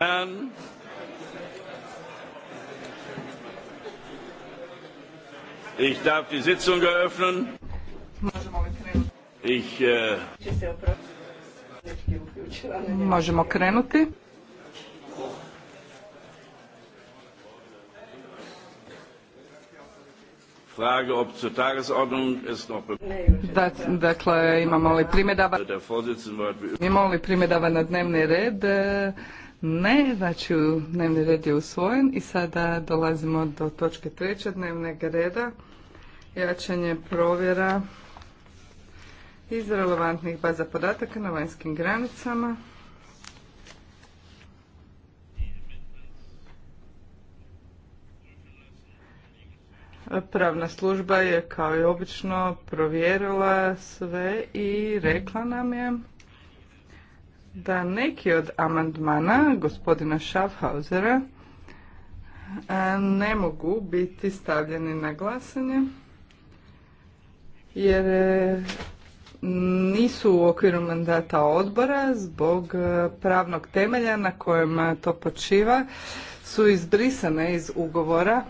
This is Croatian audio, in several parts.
and um, ich darf die Sitzung eröffnen. Ich, äh, Možemo krenuti. Frage, ob zur Tagesordnung ist noch da, dakle, imamo li primjedaba? Imamo li primjedaba na dnevni red? E, ne, znači dnevni red je usvojen i sada dolazimo do točke treće dnevnog reda. Jačanje provjera iz relevantnih baza podataka na vanjskim granicama. Pravna služba je kao i obično provjerila sve i rekla nam je da neki od amandmana gospodina Schaffhausera e, ne mogu biti stavljeni na glasanje jer e, nisu u okviru mandata odbora zbog e, pravnog temelja na kojem to počiva su izbrisane iz ugovora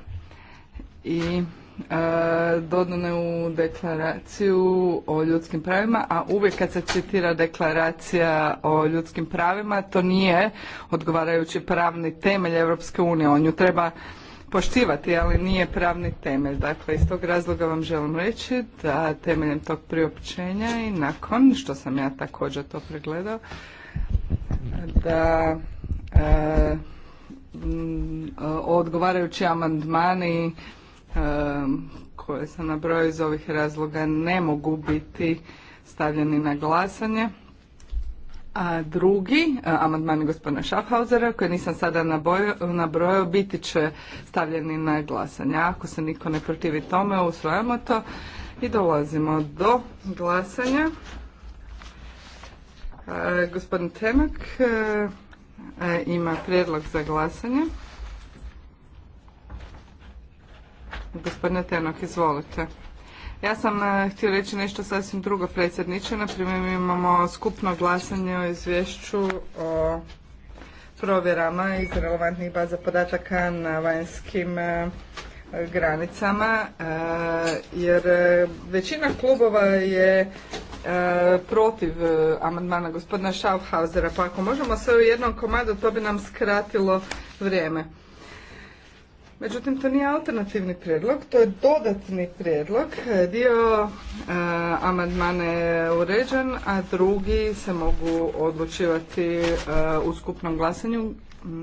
i E, dodano u deklaraciju o ljudskim pravima, a uvijek kad se citira deklaracija o ljudskim pravima, to nije odgovarajući pravni temelj Europske unije. On ju treba poštivati, ali nije pravni temelj. Dakle, iz tog razloga vam želim reći da temeljem tog priopćenja i nakon što sam ja također to pregledao, da e, odgovarajući amandmani koje sam nabrojao iz ovih razloga ne mogu biti stavljeni na glasanje. A drugi, e, amandmani gospodina Schaffhausera, koje nisam sada nabrojao, biti će stavljeni na glasanje. Ako se niko ne protivi tome, usvajamo to i dolazimo do glasanja. E, gospodin Tenak e, ima prijedlog za glasanje. Gospodine Tenok, izvolite. Ja sam e, htio reći nešto sasvim drugo predsjedniče. Naprimjer, mi imamo skupno glasanje o izvješću o provjerama iz relevantnih baza podataka na vanjskim e, granicama, e, jer većina klubova je protiv amandmana gospodina Schaufhausera. pa ako možemo sve u jednom komadu, to bi nam skratilo vrijeme. Međutim, to nije alternativni prijedlog, to je dodatni prijedlog. Dio e, amandmana je uređen, a drugi se mogu odlučivati e, u skupnom glasanju.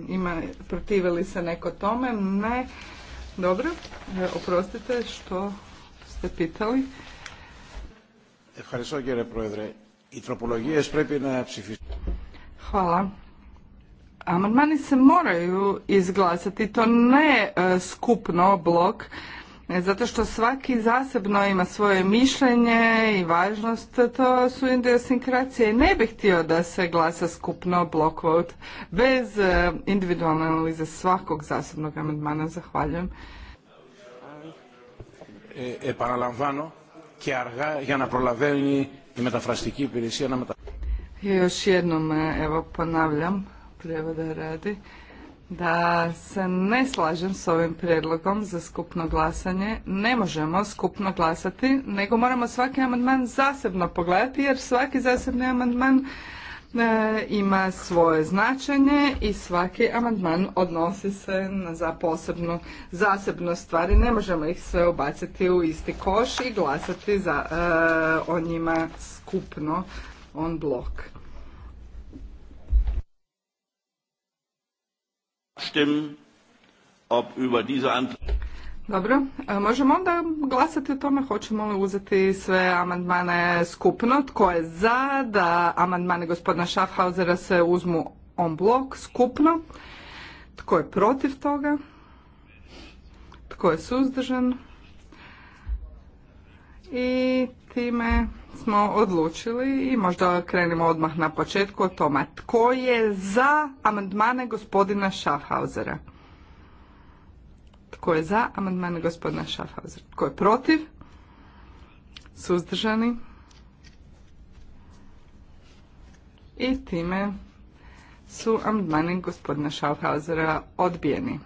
Ima, protive li se neko tome? Ne. Dobro, e, oprostite što ste pitali. Hvala amandmani se moraju izglasati, to ne e, skupno blok, e, zato što svaki zasebno ima svoje mišljenje i važnost, to su idiosinkracije. Ne bih htio da se glasa skupno blok vote bez e, individualne analize svakog zasebnog amandmana. Zahvaljujem. Još jednom, evo, ponavljam da radi, da se ne slažem s ovim prijedlogom za skupno glasanje. Ne možemo skupno glasati, nego moramo svaki amandman zasebno pogledati, jer svaki zasebni amandman e, ima svoje značenje i svaki amandman odnosi se za posebnu zasebno stvari. Ne možemo ih sve ubaciti u isti koš i glasati za, e, o njima skupno on blok. Dobro, e, možemo onda glasati o tome, hoćemo li uzeti sve amandmane skupno, tko je za da amandmane gospodina Schaffhausera se uzmu on blok skupno, tko je protiv toga, tko je suzdržan, i time smo odlučili i možda krenimo odmah na početku o tome. Tko je za amandmane gospodina Schaffhausera? Tko je za amandmane gospodina Schaffhausera? Tko je protiv? Suzdržani? I time su amandmani gospodina Schaffhausera odbijeni.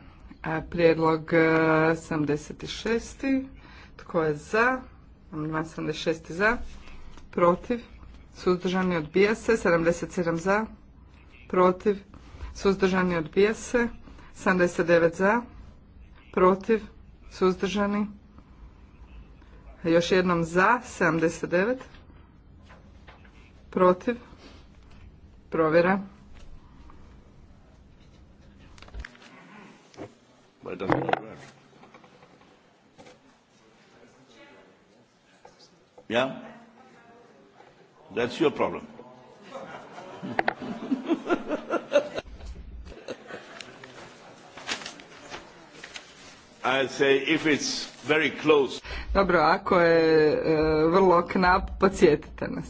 E, prijedlog 76. E, Tko je za? Amandman 76 za, protiv, suzdržani odbija se, 77 za, protiv, suzdržani odbija se, 79 za, protiv, suzdržani, još jednom za, 79, protiv, provjera. Yeah? That's your problem. I say if it's very close. Dobro, ako je e, vrlo knap, podsjetite nas.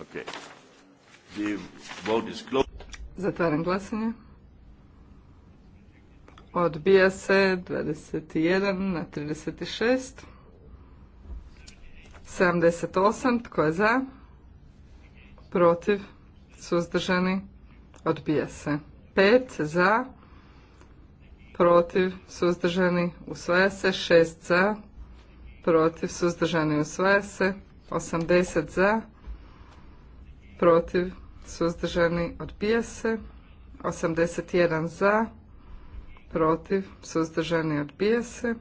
Okay. The vote is closed. Zatvaram glasanje. Odbija se 21 na 36. 78. Tko je za? Protiv? Suzdržani? Odbija se. 5 za? Protiv? Suzdržani? Usvaja se. 6 za? Protiv? Suzdržani? Usvaja se. 80 za? Protiv? Suzdržani? Odbija se. 81 za? protiv, suzdržani, odbija se.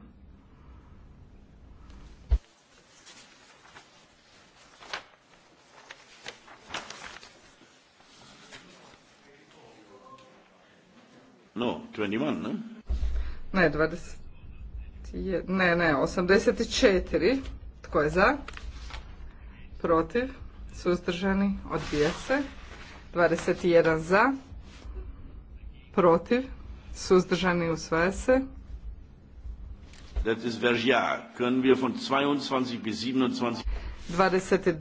No, 21, ne? Ne, 21, ne, ne, 84. Tko je za? Protiv, suzdržani, odbija se. 21 za, protiv, Suzdržani usvaja se. Das ist Verjahr. Können wir von 22 bis 27... 22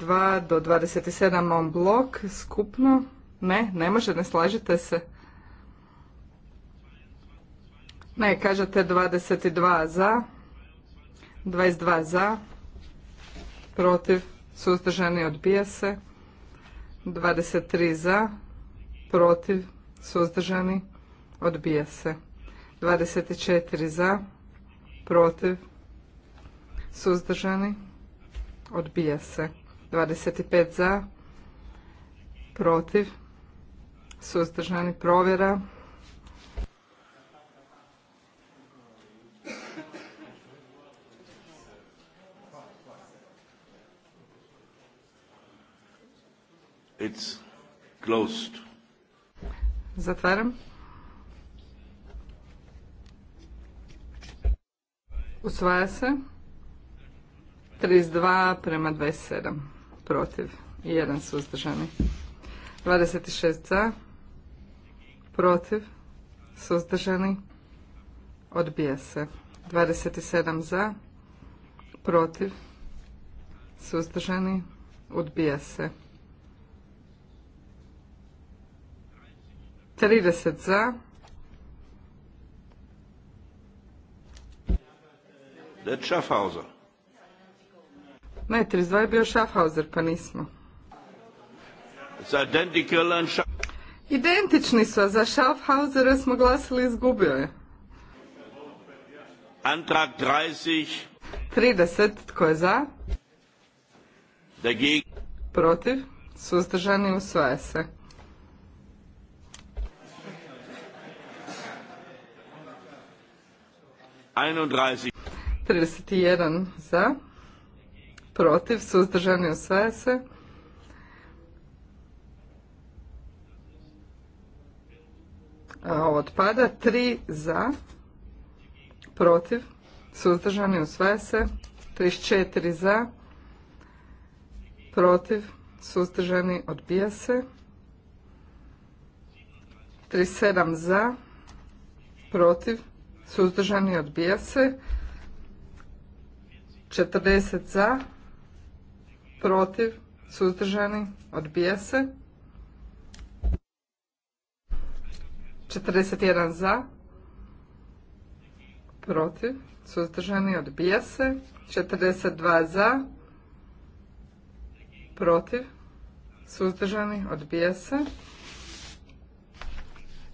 do 27 on blok, skupno. Ne, ne može, ne slažete se. Ne, kažete 22 za, 22 za, protiv, suzdržani odbija se, 23 za, protiv, suzdržani odbija se. Odbija se. 24 za, protiv, suzdržani, odbija se. 25 za, protiv, suzdržani, provjera. It's Zatvaram. Usvaja se. 32 prema 27. Protiv. I jedan suzdržani. 26 za. Protiv. Suzdržani. Odbija se. 27 za. Protiv. Suzdržani. Odbija se. 30 za Schaffhauser. Ne, 32 je bio Schaffhauser, pa nismo. Identični su, a za Schaffhauser smo glasili i izgubio je. Antrag 30. 30, tko je za? Dagegen. Protiv, suzdržani usvaja se. 31 za, protiv, suzdržani osvaja se. Ovo otpada. 3 za, protiv, suzdržani osvaja se. 34 za, protiv, suzdržani odbija se. 37 za, protiv, suzdržani odbija se. 40 za, protiv, suzdržani, odbija se. 41 za, protiv, suzdržani, odbija se. 42 za, protiv, suzdržani, odbija se.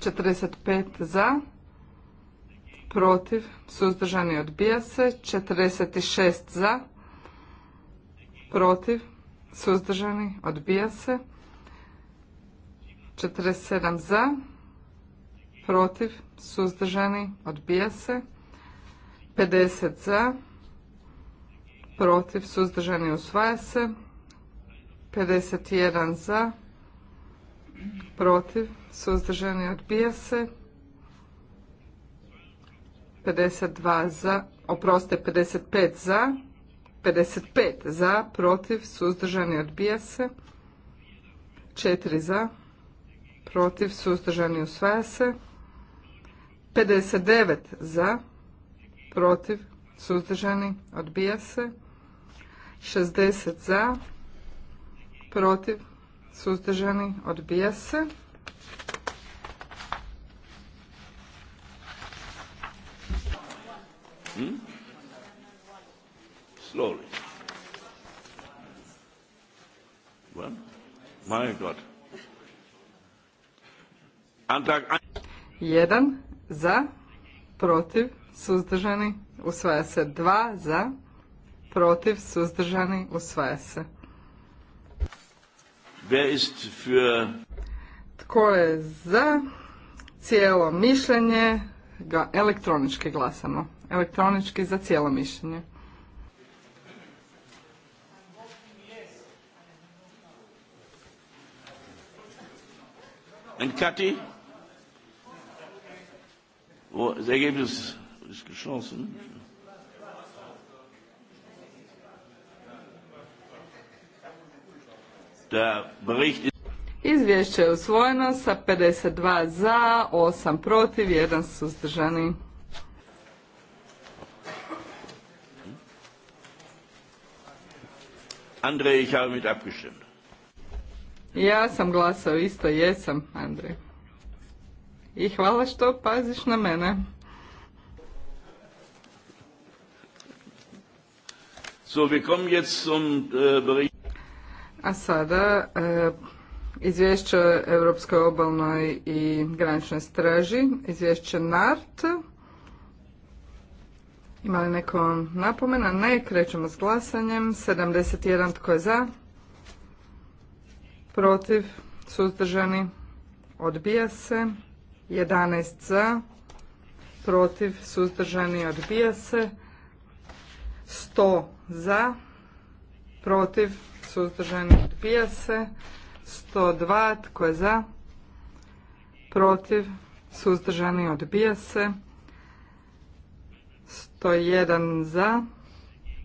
45 za, protiv, suzdržani odbija se, 46 za, protiv, suzdržani odbija se, 47 za, protiv, suzdržani odbija se, 50 za, protiv, suzdržani usvaja se, 51 za, protiv, suzdržani odbija se, 52 za, oproste 55 za, 55 za, protiv, suzdržani odbija se, 4 za, protiv, suzdržani usvaja se, 59 za, protiv, suzdržani odbija se, 60 za, protiv, suzdržani odbija se. Hmm? Slowly. my God. Jedan za, protiv, suzdržani, usvaja se. Dva za, protiv, suzdržani, usvaja se. Tko je za cijelo mišljenje, ga elektronički glasamo elektronički za cijelo mišljenje. And Kati? Ergebnis ist geschlossen. Bericht ist Izvješće je usvojeno sa 52 za, 8 protiv, 1 suzdržani. Andrej, ich habe mit Ja sam glasao isto, jesam, Andrej. I hvala što paziš na mene. So, wir kommen jetzt zum äh, A sada äh, izvješće o Europskoj obalnoj i graničnoj straži, izvješće NART. Ima li neko napomena? Ne, krećemo s glasanjem. 71 tko je za? Protiv? Suzdržani? Odbija se. 11 za? Protiv? Suzdržani? Odbija se. 100 za? Protiv? Suzdržani? Odbija se. 102 tko je za? Protiv? Suzdržani? Odbija se. 101 za,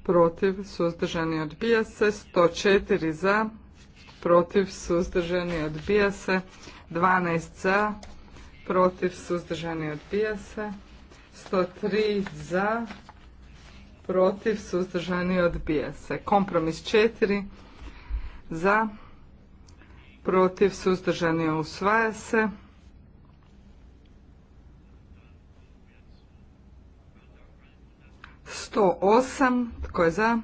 protiv, suzdržani, odbija se. 104 za, protiv, suzdržani, odbija se. 12 za, protiv, suzdržani, odbija se. 103 za, protiv, suzdržani, odbija se. Kompromis 4 za, protiv, suzdržani, usvaja se. 108. Tko je za?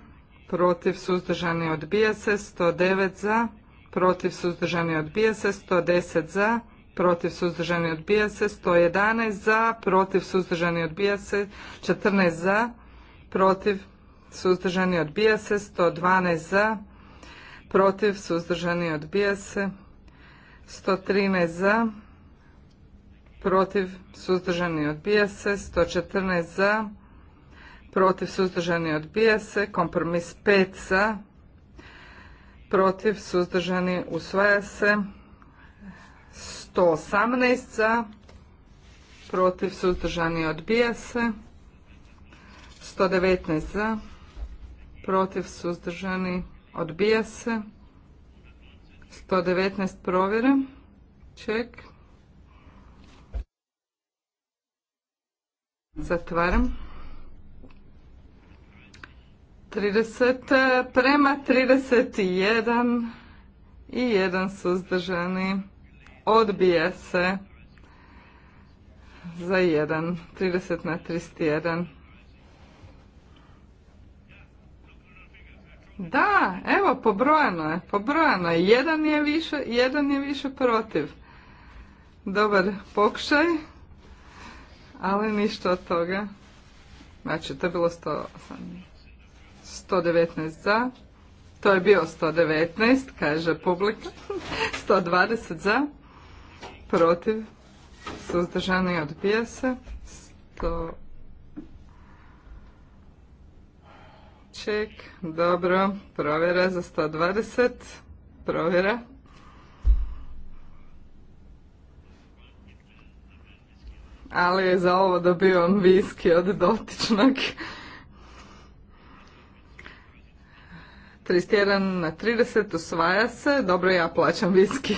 Protiv suzdržani odbija se. 109 za. Protiv suzdržani odbija se. 110 za. Protiv suzdržani odbija se. 111 za. Protiv suzdržani odbija se. 14 za. Protiv suzdržani odbija se. 112 za. Protiv suzdržani odbija se. 113 za. Protiv suzdržani odbija se. 114 za protiv suzdržani odbija se, kompromis 5 za, protiv suzdržani usvaja se, 118 za, protiv suzdržani odbija se, 119 za, protiv suzdržani odbija se, 119 provjere, ček. Zatvaram. 30 prema 31 i jedan suzdržani. Odbija se za 1, 30 na 31. Da, evo, pobrojano je, pobrojano je. Jedan je više, jedan je više protiv. Dobar pokušaj, ali ništa od toga. Znači, to je bilo 108. 119 za. To je bio 119, kaže publika. 120 za. Protiv. Suzdržani odbija se. 100... Ček, dobro. Provjera za 120. Provjera. Ali je za ovo dobio on viski od dotičnog. 31 na 30 usvaja se. Dobro, ja plaćam viski.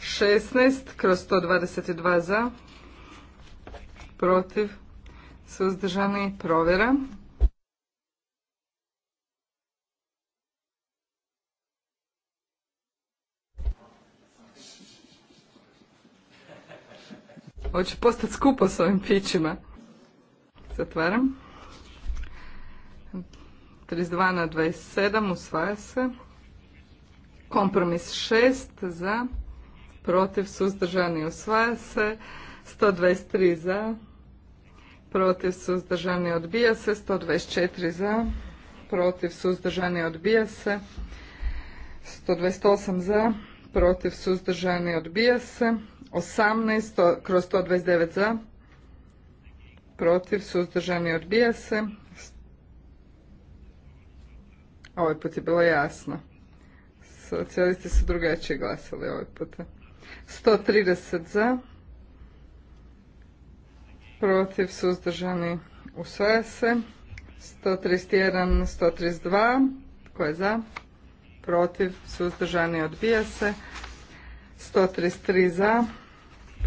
Šestnaest kroz 122 za, protiv, suzdržani, provjera. Hoće postati skupo s ovim pićima. Zatvaram. 32 na 27 usvaja se. Kompromis 6 za, protiv suzdržani usvaja se. 123 za, protiv suzdržani odbija se. 124 za, protiv suzdržani odbija se. 128 za, protiv suzdržani odbija se. 18 kroz 129 za, protiv, suzdržani, odbija se. Ovaj put je bilo jasno. Socijalisti su drugačije glasali ovaj put. 130 za, protiv, suzdržani, usvaja se. 131, 132, tko je za? Protiv, suzdržani, odbija se. 133 za,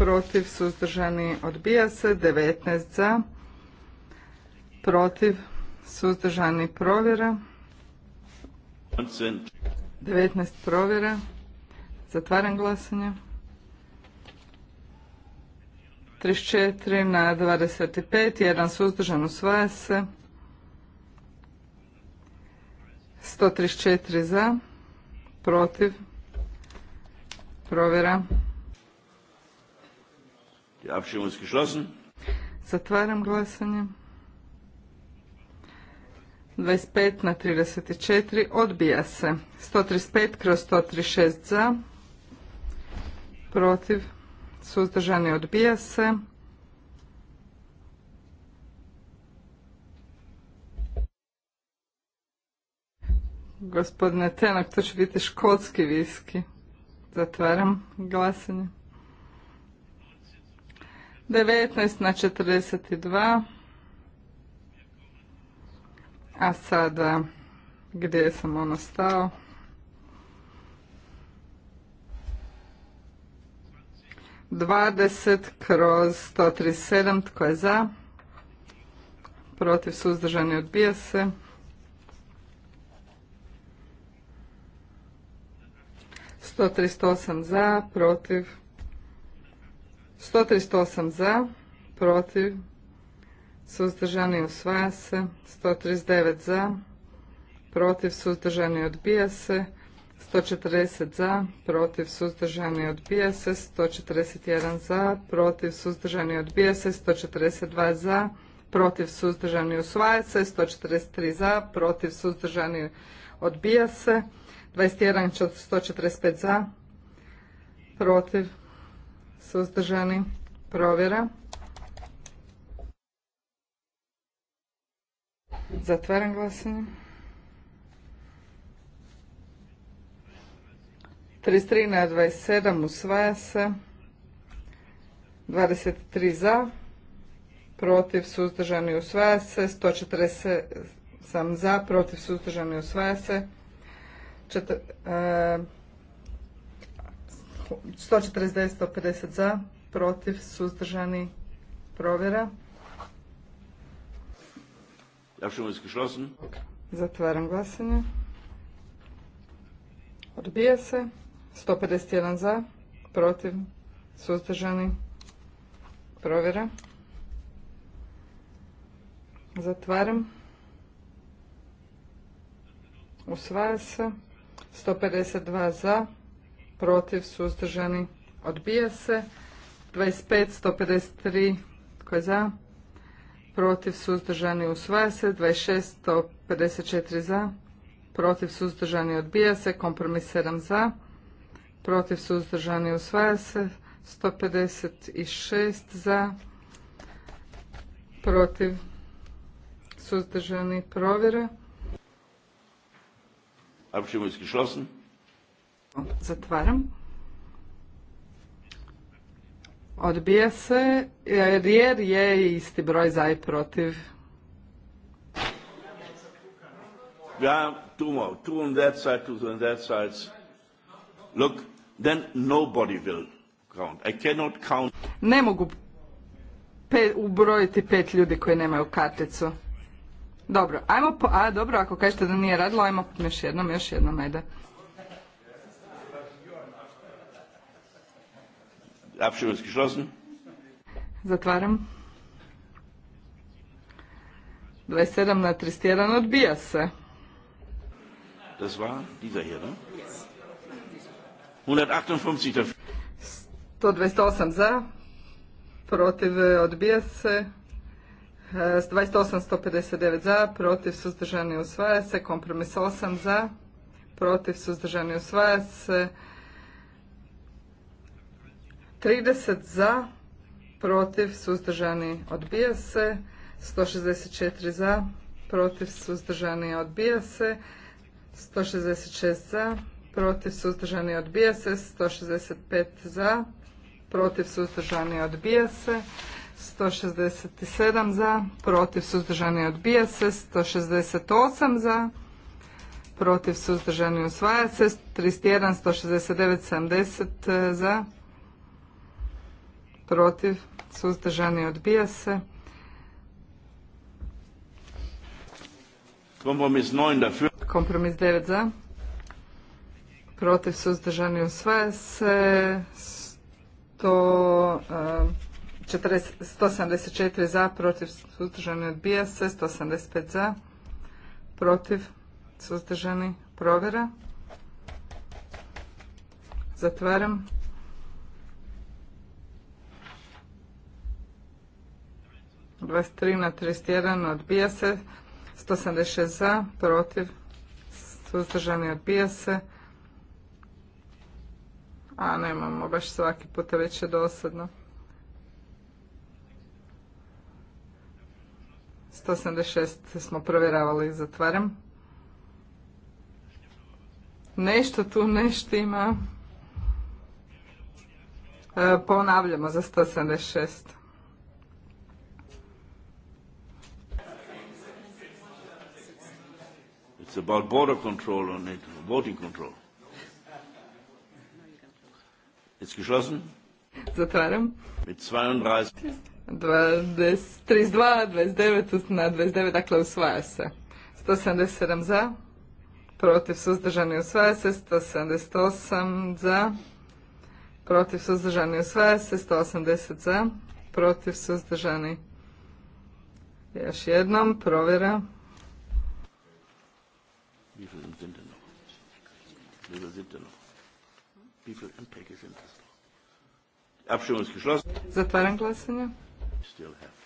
protiv, suzdržani, odbija se. 19 za, protiv, suzdržani, provjera. 19 provjera. Zatvaram glasanje. 34 na 25, jedan suzdržan usvaja se. 134 za, protiv, provjera. Die Abstimmung ist geschlossen. Zatvaram glasanje. 25 na 34 odbija se. 135 kroz 136 za. Protiv. Suzdržani odbija se. Gospodine Tenak, to će biti škotski viski. Zatvaram glasanje. 19 na 42. A sada gdje sam ono stao? 20 kroz 137. Tko je za? Protiv suzdržani odbija se. 138 za, protiv 138 za, protiv, suzdržani usvaja se, 139 za, protiv, suzdržani odbija se, 140 za, protiv, suzdržani odbija se, 141 za, protiv, suzdržani odbija se, 142 za, protiv, suzdržani usvaja se, 143 za, protiv, suzdržani odbija se, 21, 145 za, protiv, suzdržani, provjera. Zatvaram glasanje. 33 na 27 usvaja se. 23 za, protiv suzdržani usvaja se. 140 sam za, protiv suzdržani usvaja se. 4, e, 140, 150 za, protiv, suzdržani, provjera. Zatvaram glasanje. Odbija se. 151 za, protiv, suzdržani, provjera. Zatvaram. Usvaja se. 152 za, protiv, suzdržani, odbija se. 25, 153, tko je za, protiv, suzdržani, usvaja se. 26, 154 za, protiv, suzdržani, odbija se. Kompromis 7 za, protiv, suzdržani, usvaja se. 156 za, protiv, suzdržani, provjera. Abstimmung ist geschlossen. Zatvaram. Odbija se jer je isti broj za i protiv. Ja, two more. Two on that side, two on that side. Look, then nobody will count. I cannot count. Ne mogu ubrojiti pet ljudi koji nemaju karticu. Dobro, ajmo po... A, dobro, ako kažete da nije radilo, ajmo još jednom, još jednom, ajde. Abstimmung ist geschlossen. Zatvaram. 27 na 31 odbija se. Das war dieser hier, ne? 158 dafür. 128 za, protiv e, odbija se. 28, e, 159 za, protiv suzdržani usvaja se. Kompromis 8 za, protiv suzdržani usvaja se. 30 za, protiv, suzdržani, odbija se. 164 za, protiv, suzdržani, odbija se. 166 za, protiv, suzdržani, odbija se. 165 za, protiv, suzdržani, odbija se. 167 za, protiv, suzdržani, odbija se. 168 za, protiv, suzdržani, usvaja se. 31, 169, 70 za, protiv, suzdržani, odbija se. Kompromis 9 dafür. Kompromis 9 za. Protiv suzdržani usvaja se 174 eh, za, protiv suzdržani odbija se, 185 za, protiv suzdržani provjera. Zatvaram. 23 na 31 odbija se. 176 za, protiv, suzdržani odbija se. A nemamo baš svaki puta već je dosadno. 176 smo provjeravali, i zatvaram. Nešto tu nešto ima. E, ponavljamo za 176. It's about border control on it, voting control. It's geschlossen. Zatvaram. Mit 32. 32, 29 na 29, dakle usvaja se. 177 za, protiv suzdržani usvaja se, 178 za, protiv suzdržani usvaja se, 180 za, protiv suzdržani. Još jednom, provjera. Wie viele sind denn noch? Wie viele sind denn noch? Wie viele Anträge sind das noch? Die Abstimmung ist geschlossen. Zatvaram glasanje. Still have.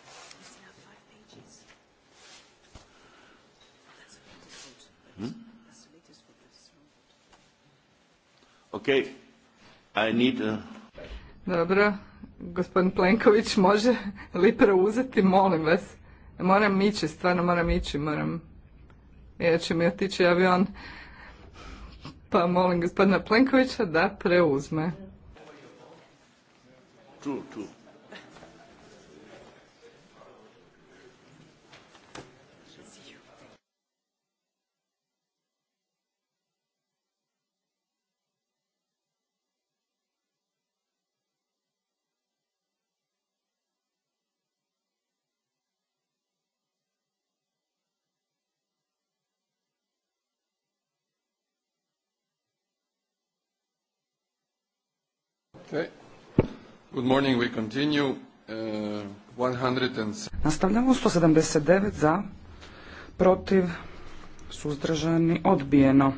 Hm? Okay. I need a... Dobro, gospodin Plenković može li preuzeti, molim vas. Moram ići, stvarno moram ići, moram jer će mi otići avion. Pa molim gospodina Plenkovića da preuzme. Good morning, we continue. 179 uh, za, protiv, suzdržani, odbijeno.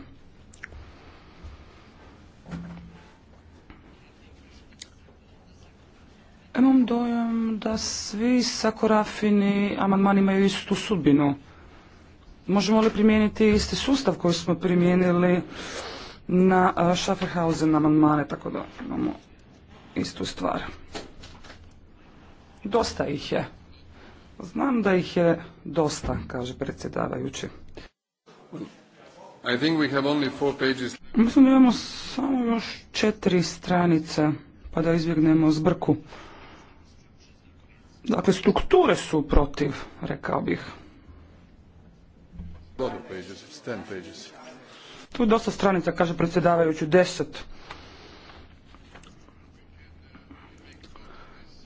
Imam dojam da svi sakorafini amandmani imaju istu sudbinu. Možemo li primijeniti isti sustav koji smo primijenili na uh, Schafferhausen amandmane, tako da imamo istu stvar. Dosta ih je. Znam da ih je dosta, kaže predsjedavajući. I Mislim da imamo samo još četiri stranice, pa da izbjegnemo zbrku. Dakle, strukture su protiv, rekao bih. Tu je dosta stranica, kaže predsjedavajući, deset.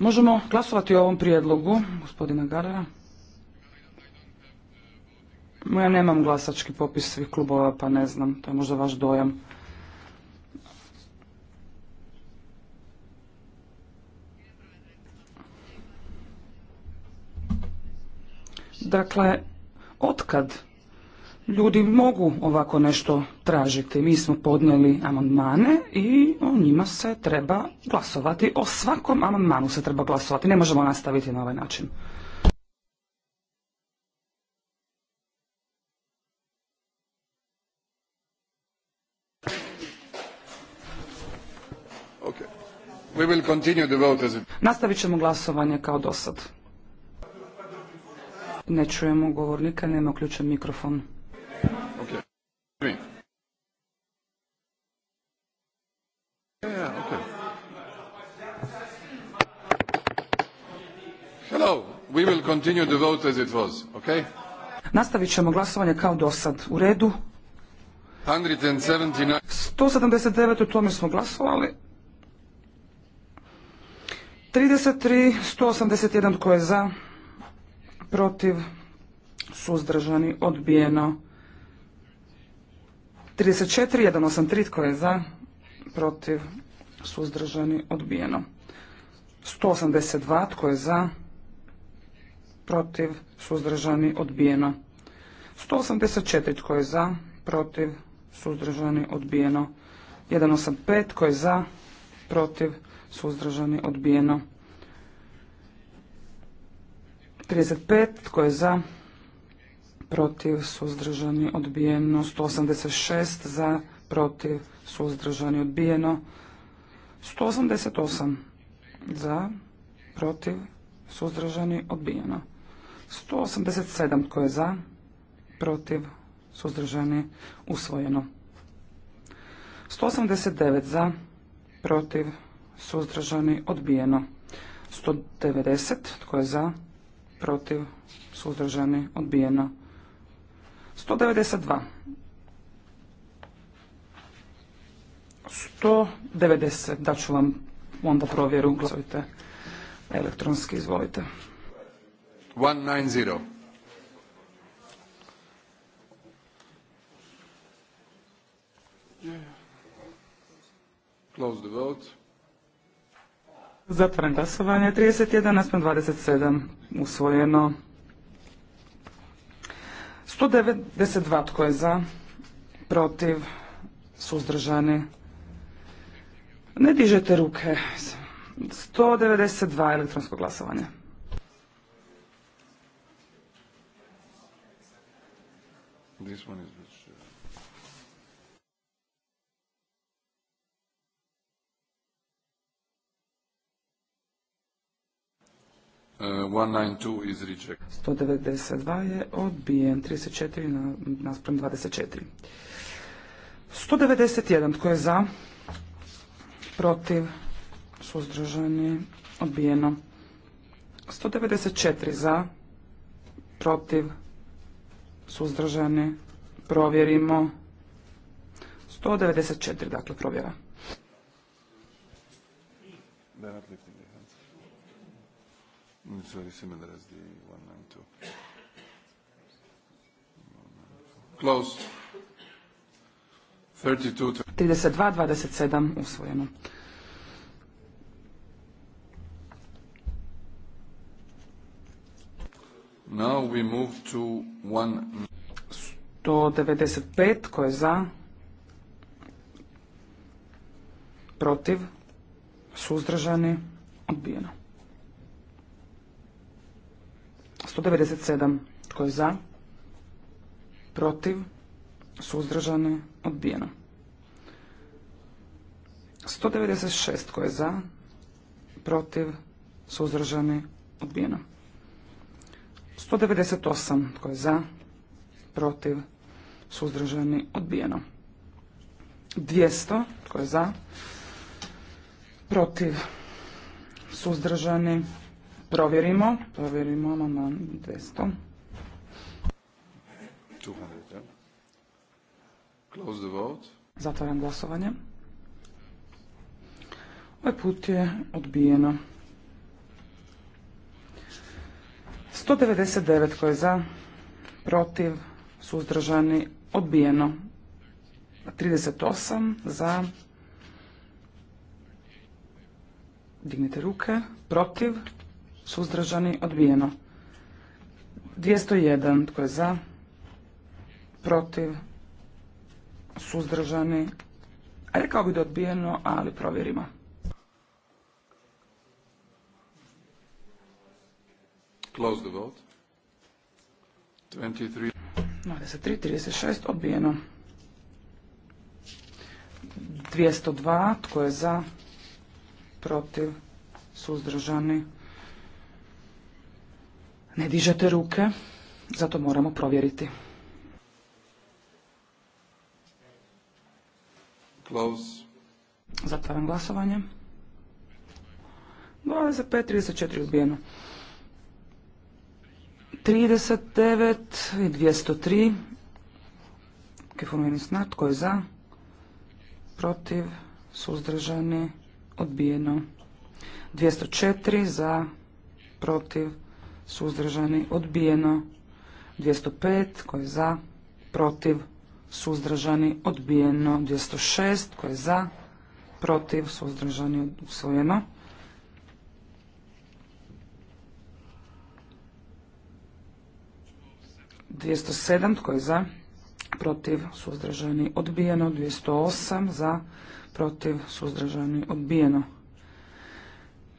Možemo glasovati o ovom prijedlogu, gospodina Garera. Ja nemam glasački popis svih klubova, pa ne znam, to je možda vaš dojam. Dakle, otkad ljudi mogu ovako nešto tražiti. Mi smo podnijeli amandmane i o njima se treba glasovati. O svakom amandmanu se treba glasovati. Ne možemo nastaviti na ovaj način. Nastavit ćemo glasovanje kao do Ne čujemo govornika, nema uključen mikrofon. Nastavit ćemo glasovanje kao do sad. U redu. 179. 179, u tome smo glasovali. 33, 181, tko je za? Protiv? Suzdržani? Odbijeno? 34, 183, tko je za, protiv, suzdržani, odbijeno. 182, tko je za, protiv, suzdržani, odbijeno. 184, tko je za, protiv, suzdržani, odbijeno. 185, tko je za, protiv, suzdržani, odbijeno. 35, tko je za, protiv, suzdržani, odbijeno. 186 za, protiv, suzdržani, odbijeno. 188 za, protiv, suzdržani, odbijeno. 187 tko je za, protiv, suzdržani, usvojeno. 189 za, protiv, suzdržani, odbijeno. 190 tko je za, protiv, suzdržani, odbijeno. 192. 190, da ću vam onda provjeru, glasovite elektronski, izvolite. 190. Close the vote. glasovanje. 31 27. Usvojeno. 192 tko je za, protiv, suzdržani. Ne dižete ruke. 192 elektronsko glasovanje. This one is 192 uh, is rejected. 192 je odbijen, 34 na, naspram 24. 191, tko je za? Protiv, suzdržani, odbijeno. 194 za, protiv, suzdržani, provjerimo. 194, dakle, provjera. Da, It's very similar as the 192. Close. 32, 27 usvojeno. Now we move to one... 195, ko je za, protiv, suzdržani, odbijeno. 197. Tko je za? Protiv? Suzdržani? Odbijeno. 196. Tko je za? Protiv? Suzdržani? Odbijeno. 198. Tko je za? Protiv? Suzdržani? Odbijeno. 200. Tko je za? Protiv? Suzdržani? Odbijeno Provjerimo, provjerimo amandman 200. Eh? Zatvaram glasovanje. Ovaj put je odbijeno. 199 koje je za, protiv, suzdržani, odbijeno. 38 za, dignite ruke, protiv, suzdržani, odbijeno. 201, tko je za, protiv, suzdržani, rekao bi da odbijeno, ali provjerimo. Close the vote. 23. 23, odbijeno. 202, tko je za, protiv, suzdržani, odbijeno ne dižete ruke, zato moramo provjeriti. Close. Zatvaram glasovanje. 25, 34 odbijeno. 39 i 203. Kefurmeni snart, tko je za? Protiv, suzdržani, odbijeno. 204 za, protiv, suzdržani, odbijeno. 205 koji je za, protiv, suzdržani, odbijeno. 206 koji je za, protiv, suzdržani, usvojeno. Dvijesto sedam tko je za, protiv, suzdržani, odbijeno. 208 za, protiv, suzdržani, odbijeno.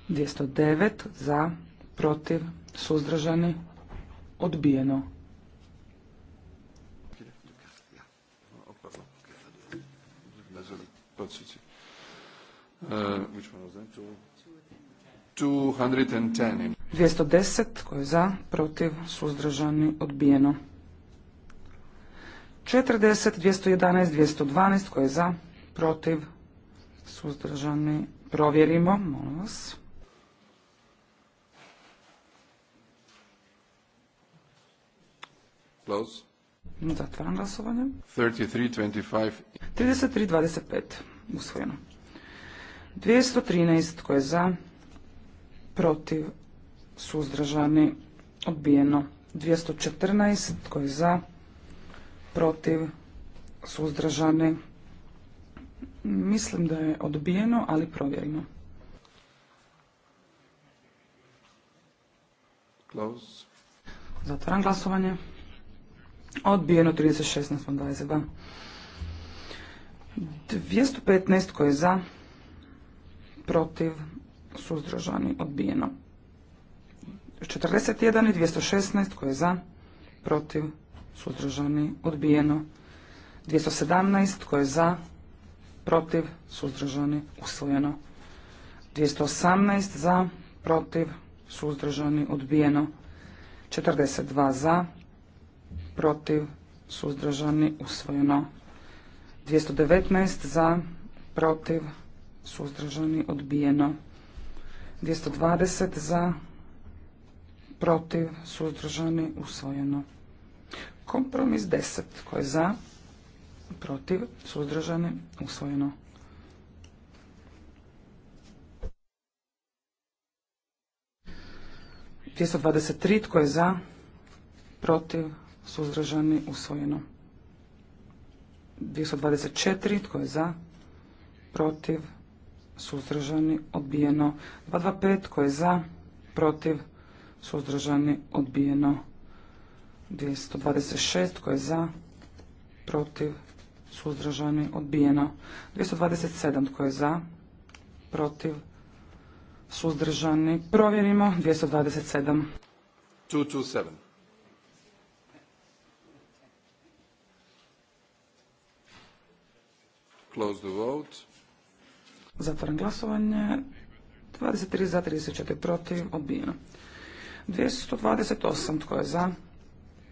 209 za, protiv, suzdržani, odbijeno. Dvjesto deset koje je za, protiv, suzdržani, odbijeno. 40, 211, 212 koje je za, protiv, suzdržani, provjerimo, molim vas. Zatvaram glasovanje. 33.25. 33.25. Usvojeno. 213. Tko je za? Protiv? Suzdržani? Odbijeno. 214. Tko je za? Protiv? Suzdržani? Mislim da je odbijeno, ali provjerimo. Zatvaram glasovanje. Odbijeno 36 naspram 22. 215 koje je za, protiv, suzdržani, odbijeno. 41 i 216 koje je za, protiv, suzdržani, odbijeno. 217 koje je za, protiv, suzdržani, usvojeno. 218 za, protiv, suzdržani, odbijeno. 42 za, protiv, suzdržani, usvojeno. 219 za, protiv, suzdržani, odbijeno. 220 za, protiv, suzdržani, usvojeno. Kompromis 10 koji je za, protiv, suzdržani, usvojeno. Dvjesto dvadeset tko je za, protiv, suzdržani, usvojeno. 224, tko je za, protiv, suzdržani, odbijeno. 225, tko je za, protiv, suzdržani, odbijeno. 226, tko je za, protiv, suzdržani, odbijeno. 227, tko je za, protiv, suzdržani, provjerimo. 227. 227. Close the vote. Zatvaram glasovanje. 23 za, 34 protiv, odbijeno. 228, tko je za,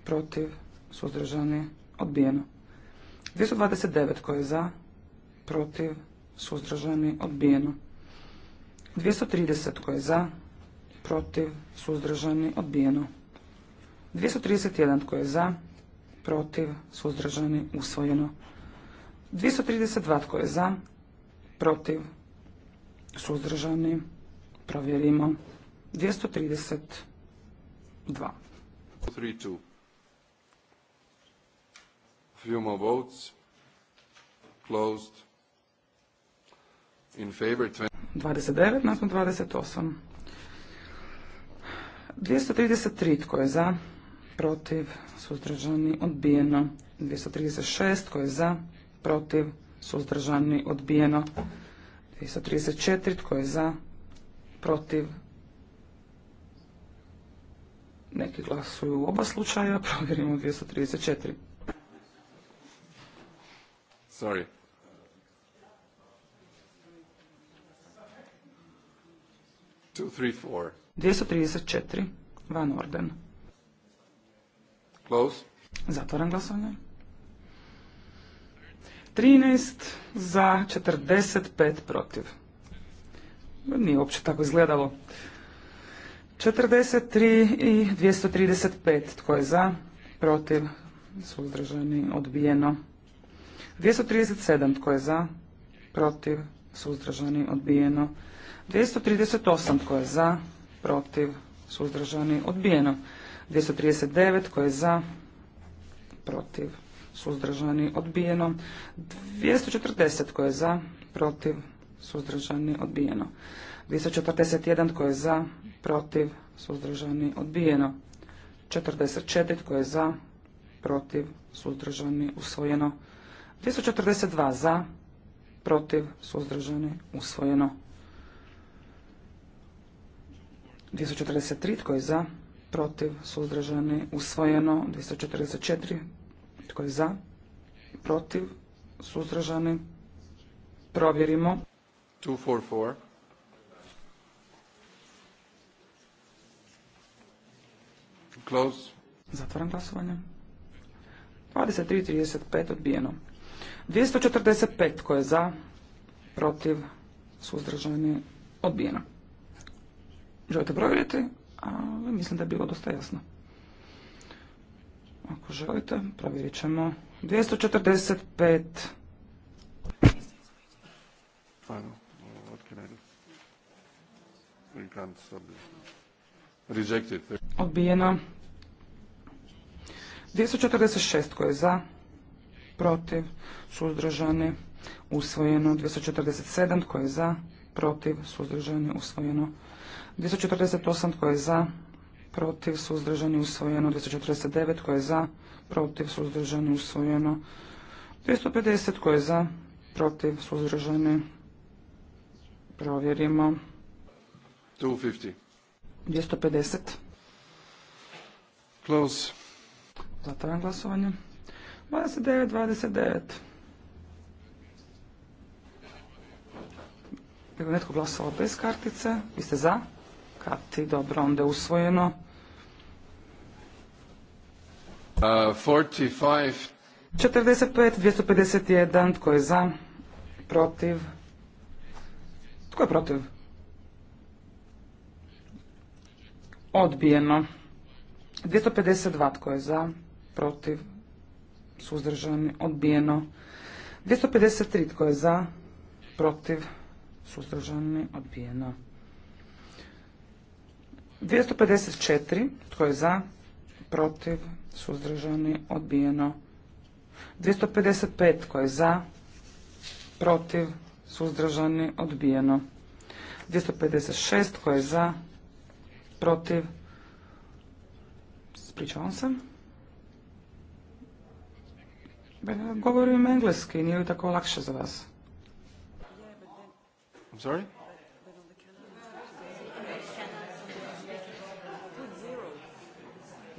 protiv, suzdržani, odbijeno. 229, tko je za, protiv, suzdržani, odbijeno. 230, tko je za, protiv, suzdržani, odbijeno. 231, tko je za, protiv, suzdržani, usvojeno. 232 tko je za, protiv, suzdržani, provjerimo. 232. votes. Closed. In favor 29 nakon 28. 233 tko je za, protiv, suzdržani, odbijeno. 236 tko je za, protiv, suzdržani, odbijeno. 234, tko je za, protiv, neki glasuju u oba slučaja, provjerimo 234. Sorry. Two, three, four. 234. Van Orden. Close. Zatvoren glasovanje. 13 za 45 protiv. Nije uopće tako izgledalo. 43 i 235. Tko je za? Protiv? Suzdržani? Odbijeno. 237. Tko je za? Protiv? Suzdržani? Odbijeno. 238. Tko je za? Protiv? Suzdržani? Odbijeno. 239. Tko je za? Protiv? suzdržani, odbijeno. 240 tko je za, protiv, suzdržani, odbijeno. 241 tko je za, protiv, suzdržani, odbijeno. 44 tko je za, protiv, suzdržani, usvojeno. 242 za, protiv, suzdržani, usvojeno. 243 tko je za, protiv, suzdržani, usvojeno. 244 tko je za? Protiv? Suzdržani? Provjerimo. 244. Close. i glasovanje. 23.35 odbijeno. 245 tko je za, protiv, suzdržani, odbijeno. Želite provjeriti? Ali mislim da je bilo dosta jasno. Ako želite, provjerit ćemo. 245. Rejected. Odbijeno. 246 koje je za, protiv, suzdržani, usvojeno. 247 koje je za, protiv, suzdržani, usvojeno. 248 koje je za, protiv, suzdržani, usvojeno. 249 koje je za, protiv, suzdržani, usvojeno. 250 koje je za, protiv, suzdržani, provjerimo. 250. 250. Close. Zatvaram glasovanje. 29, 29. li netko glasovao bez kartice? Vi ste za? Kati, dobro, onda je usvojeno. Uh, 45. 45, 251, tko je za, protiv, tko je protiv? Odbijeno. 252, tko je za, protiv, suzdržani, odbijeno. 253, tko je za, protiv, suzdržani, odbijeno. 254. Tko je za? Protiv? Suzdržani? Odbijeno. 255. Tko je za? Protiv? Suzdržani? Odbijeno. 256. Tko je za? Protiv? Spričavam se. Govorim engleski, nije li tako lakše za vas? I'm sorry?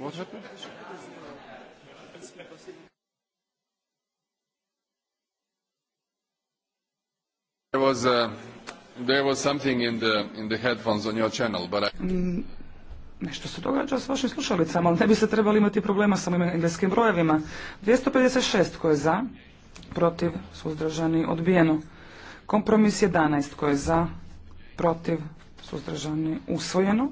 What happened? There was a, uh, there was something in the in the headphones on your channel, but I... Mm, nešto se događa s vašim slušalicama, ali ne bi se trebali imati problema sa ovim engleskim brojevima. 256 koje je za, protiv, suzdržani, odbijeno. Kompromis 11 koje je za, protiv, suzdržani, usvojeno.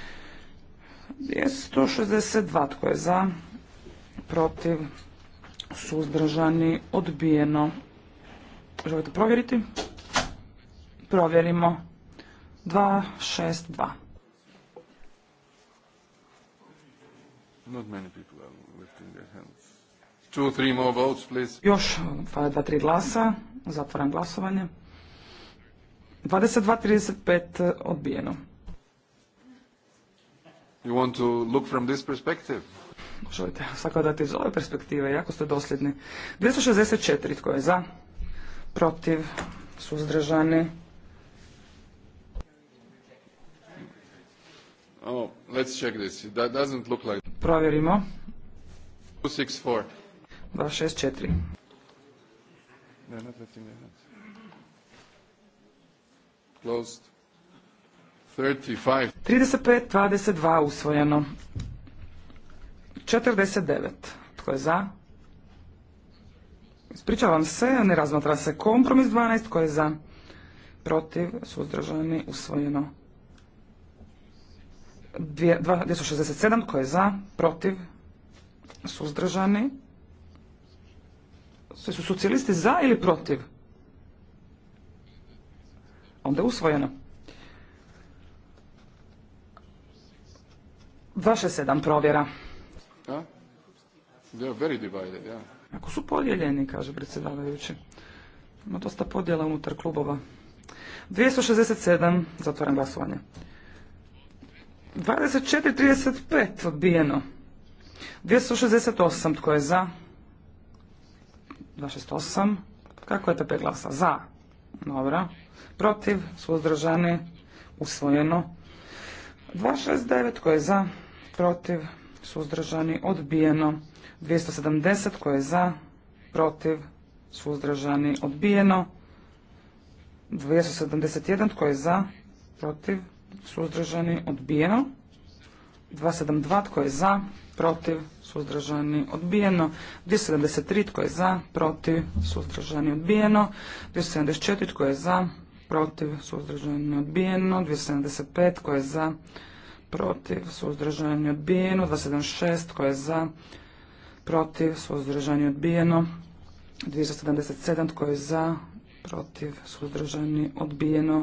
262. Tko je za? Protiv? Suzdržani? Odbijeno. Želite provjeriti? Provjerimo. 262. Još hvala, pa, dva, tri glasa. zatvoram glasovanje. 22.35 odbijeno. You want to look from this perspective? da sagledati iz ove perspektive, jako ste dosljedni. 264, tko je za? Protiv? Suzdržani? Oh, let's check this. That doesn't look like... Provjerimo. 264. 264. Closed. 35, 22 usvojeno. 49. Tko je za? Ispričavam se, ne razmatra se kompromis 12. Tko je za? Protiv, suzdržani, usvojeno. 267. Tko je za? Protiv, suzdržani. svi su socijalisti za ili protiv? Onda je usvojeno. Vaše sedam provjera. Ako su podijeljeni, kaže predsjedavajući. Ima dosta podjela unutar klubova. 267, zatvoram glasovanje. 35, odbijeno. 268, tko je za? 268, kako je tepe glasa? Za, dobro. Protiv, suzdržani, usvojeno. 269 koje je za, protiv, suzdržani, odbijeno. 270 koje je za, protiv, suzdržani, odbijeno. 271 tko je za, protiv, suzdržani, odbijeno. 272 tko je za, protiv, suzdržani, odbijeno. 273 tko je za, protiv, suzdržani, odbijeno. 274 tko je za, protiv, suzdržani, odbijeno. 275 koje je za, protiv, suzdržani, odbijeno. 276 koje je za, protiv, suzdržani, odbijeno. 277 tko je za, protiv, suzdržani, odbijeno.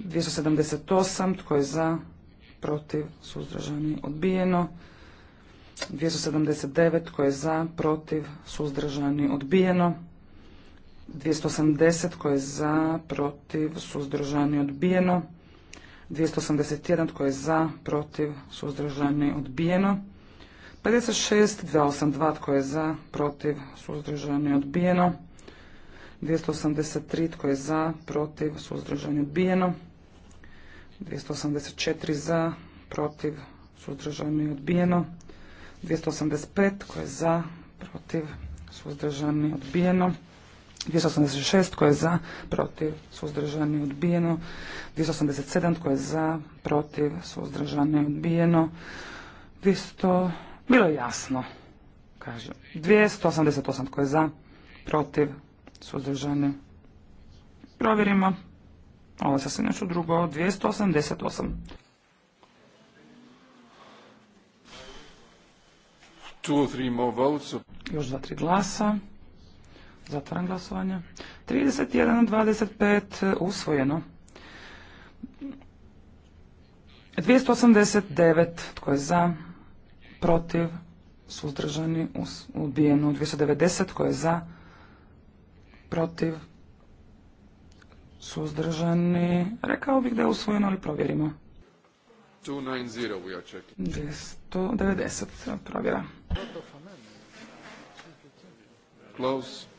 278 tko je za, protiv, suzdržani, odbijeno. 279 tko je za, protiv, suzdržani, odbijeno. 280 koje je za, protiv, suzdržani, odbijeno. 281 tko je za, protiv, suzdržani, odbijeno. 56, 282 tko je za, protiv, suzdržani, odbijeno. 283 tko je za, protiv, suzdržani, odbijeno. 284 za, protiv, suzdržani, odbijeno. 285 tko je za, protiv, suzdržani, odbijeno. 286 tko je za, protiv, suzdržani, odbijeno. 287 tko je za, protiv, suzdržani, odbijeno. 200, bilo je jasno, kažem. 288 tko je za, protiv, suzdržani. Provjerimo. Ovo je sasvim nešto drugo, 288. more votes. Još dva, tri glasa. Zatvaram glasovanje. 31.25. E, usvojeno. 289 tko je za, protiv, suzdržani, Ubijeno. 290 tko je za, protiv, suzdržani. Rekao bih da je usvojeno, ali provjerimo. 290 we are checking. 290 provjera. Close.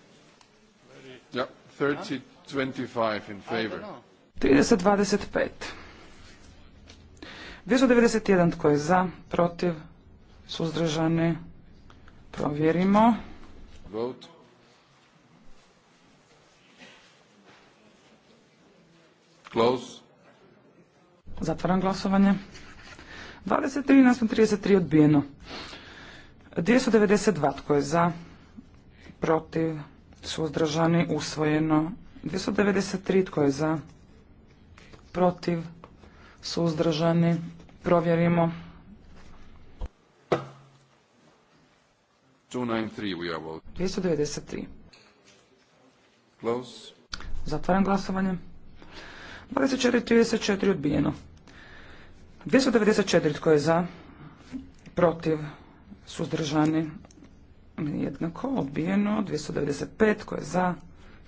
Ja, 30-25 in favor. 30-25. 291 tko je za, protiv, suzdržani, provjerimo. Vote. Close. Zatvaram glasovanje. 23 na 33 odbijeno. 292 tko je za, protiv, suzdržani, usvojeno. 293 tko je za, protiv, suzdržani, provjerimo. 293 293. Close. Zatvaram glasovanje. 24, 34 odbijeno. 294 tko je za, protiv, suzdržani, jednako odbijeno, 295 koje je za,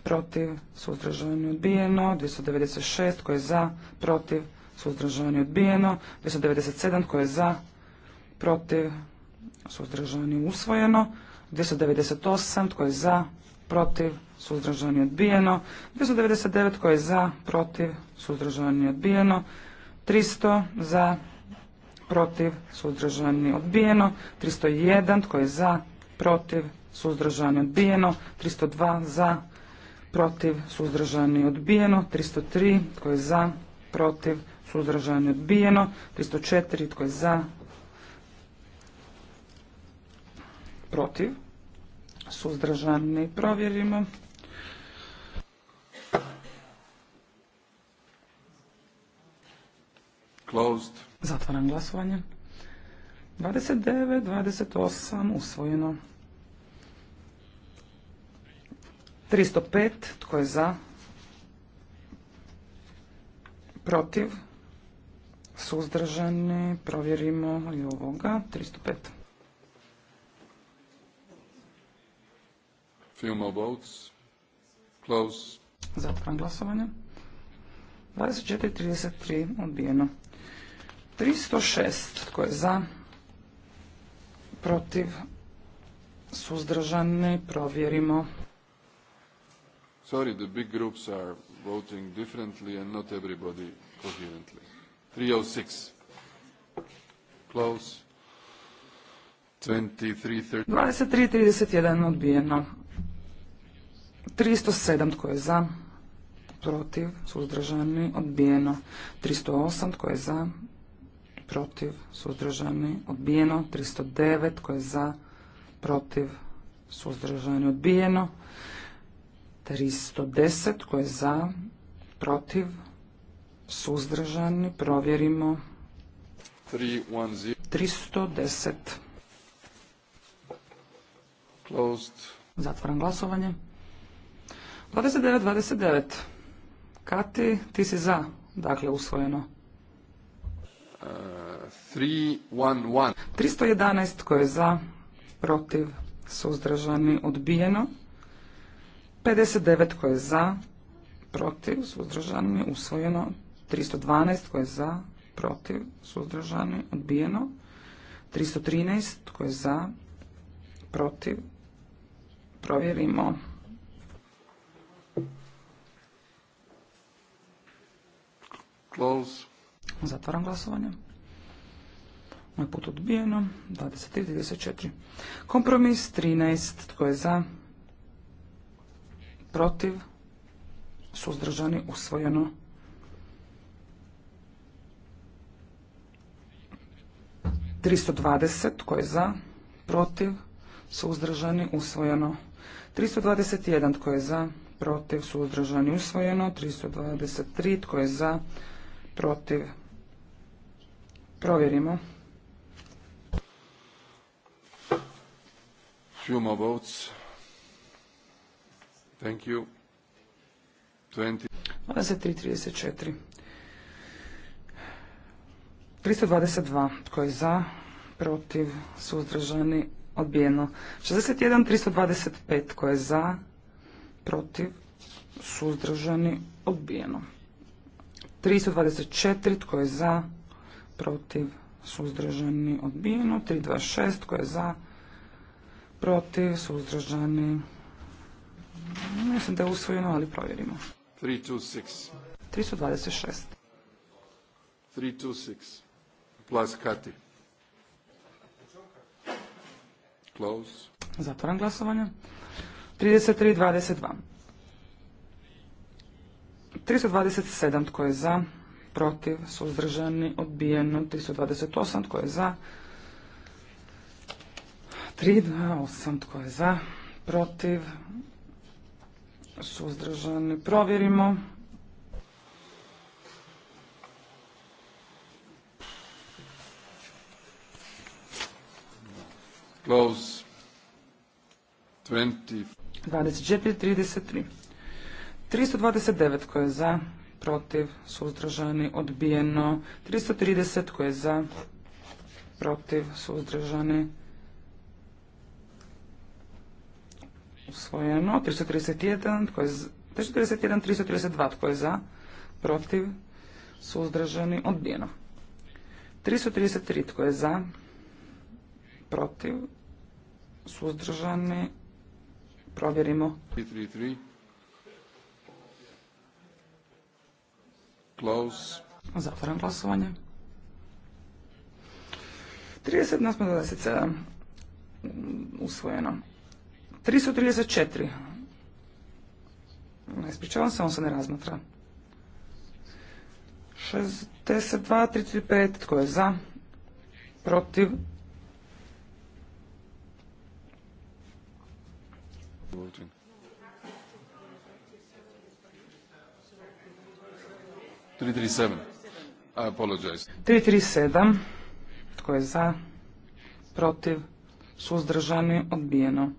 protiv, suzdržani odbijeno, 296 koje je za, protiv, suzdržani odbijeno, 297 koje je za, protiv, suzdržani usvojeno, 298 koje je za, protiv, suzdržani odbijeno, 299 koje je za, protiv, suzdržani odbijeno, 300 za, protiv, suzdržani odbijeno, 301 koje je za, protiv, suzdržani, odbijeno. 302 za, protiv, suzdržani, odbijeno. 303 tko je za, protiv, suzdržani, odbijeno. 304 tko je za, protiv, suzdržani, provjerimo. Closed. Zatvaram glasovanje. 29, 28, usvojeno. 305, tko je za? Protiv? Suzdržani? Provjerimo i ovoga. 305. Few more votes. Close. Zatvoram glasovanje. 24.33 odbijeno. 306. Tko je za? protiv, suzdržani, provjerimo. Sorry, the big groups are voting differently and not everybody coherently. 306. Close. 23.31 odbijeno. 307 tko je za, protiv, suzdržani, odbijeno. 308 tko je za, protiv, suzdržani, odbijeno. 309 tko je za, protiv, suzdržani, odbijeno. 310 tko je za, protiv, suzdržani, provjerimo. 310. Closed. Zatvaram glasovanje. 29, 29. Kati, ti si za. Dakle, usvojeno. 311. 311 tko je za, protiv, suzdržani, odbijeno. 59 tko je za, protiv, suzdržani, usvojeno. 312 tko je za, protiv, suzdržani, odbijeno. 313 tko je za, protiv, provjerimo. Close. Zatvaram glasovanje. Moj put odbijeno. 23, 34. Kompromis 13. Tko je za? Protiv? Suzdržani? Usvojeno. Tristo dvadeset, tko je za? Protiv? Suzdržani? Usvojeno. 321, tko je za? Protiv? Suzdržani? Usvojeno. 323, tko je za? Protiv? Provjerimo. Few more votes. Thank you. 322. Tko je za? Protiv? Suzdržani? Odbijeno. 61. 325. Tko je za? Protiv? Suzdržani? Odbijeno. 324. Tko je za? protiv, suzdržani, odbijeno. 326 tko je za, protiv, suzdržani. Mislim da je usvojeno, ali provjerimo. 326. 326. 326. Plus Kati. Close. Zatvoram glasovanje. 33.22. 327. Tko je za? protiv, suzdržani, odbijeno, 328, tko je za, 328, tko je za, protiv, suzdržani, provjerimo. Close. 20. 24, 33. 329 koje je za, protiv, suzdržani, odbijeno. 330 koje je za, protiv, suzdržani, usvojeno. 331 koje je za, 331, 332 tko je za, protiv, suzdržani, odbijeno. 333 tko je za, protiv, suzdržani, provjerimo. 333. Close. Zatvoram glasovanje. 30 27 usvojeno. 334. Ne ispričavam se, on se ne razmatra. 62, 335, tko je za? Protiv? Voting. 337. 337. Tko je za? Protiv? Suzdržani? Odbijeno.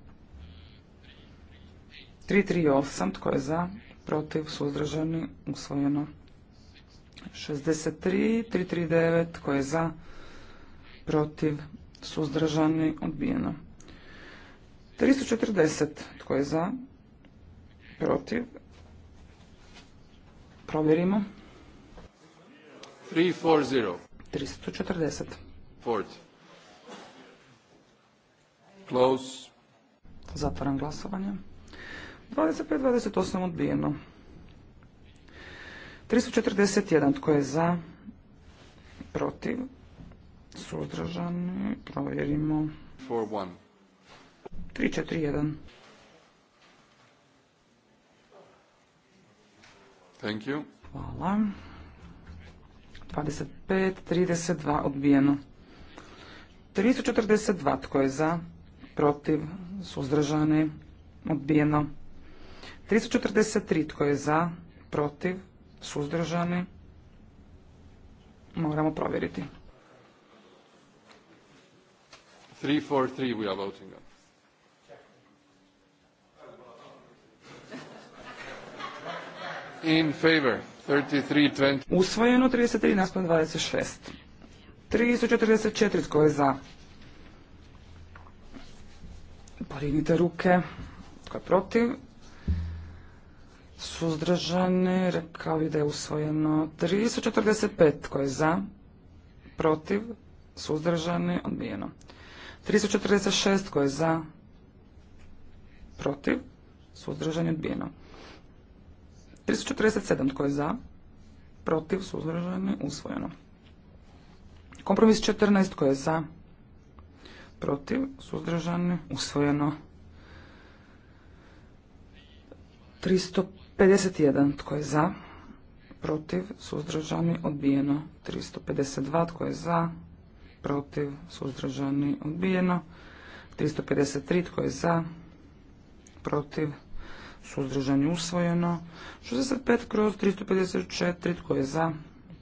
338. Tko je za? Protiv? Suzdržani? Usvojeno. 63. 339. Tko je za? Protiv? Suzdržani? Odbijeno. 340. Tko je za? Protiv? Provjerimo. 340. 340. Close. Zatvaram glasovanje. 25-28 odbijeno. 341. Tko je za? Protiv? Suzdržani? Provjerimo. 4-1. 3-4-1. Thank you. Hvala. 25, 32 odbijeno. 342 tko je za, protiv, suzdržani, odbijeno. 343 tko je za, protiv, suzdržani, moramo provjeriti. 343 we are voting on. In favor. Usvojeno 33 naspram 26. 344 tko je za? Podignite ruke. Tko je protiv? suzdržane Rekao bi da je usvojeno 345 tko je za? Protiv? suzdržane Odbijeno. 346 tko je za? Protiv? Suzdržani. Odbijeno. 347 tko je za, protiv, suzdržani, usvojeno. Kompromis 14 tko je za, protiv, suzdržani, usvojeno. 351 tko je za, protiv, suzdržani, odbijeno. 352 tko je za, protiv, suzdržani, odbijeno. 353 tko je za, protiv, suzdržani usvojeno. 65 kroz 354 tko je za,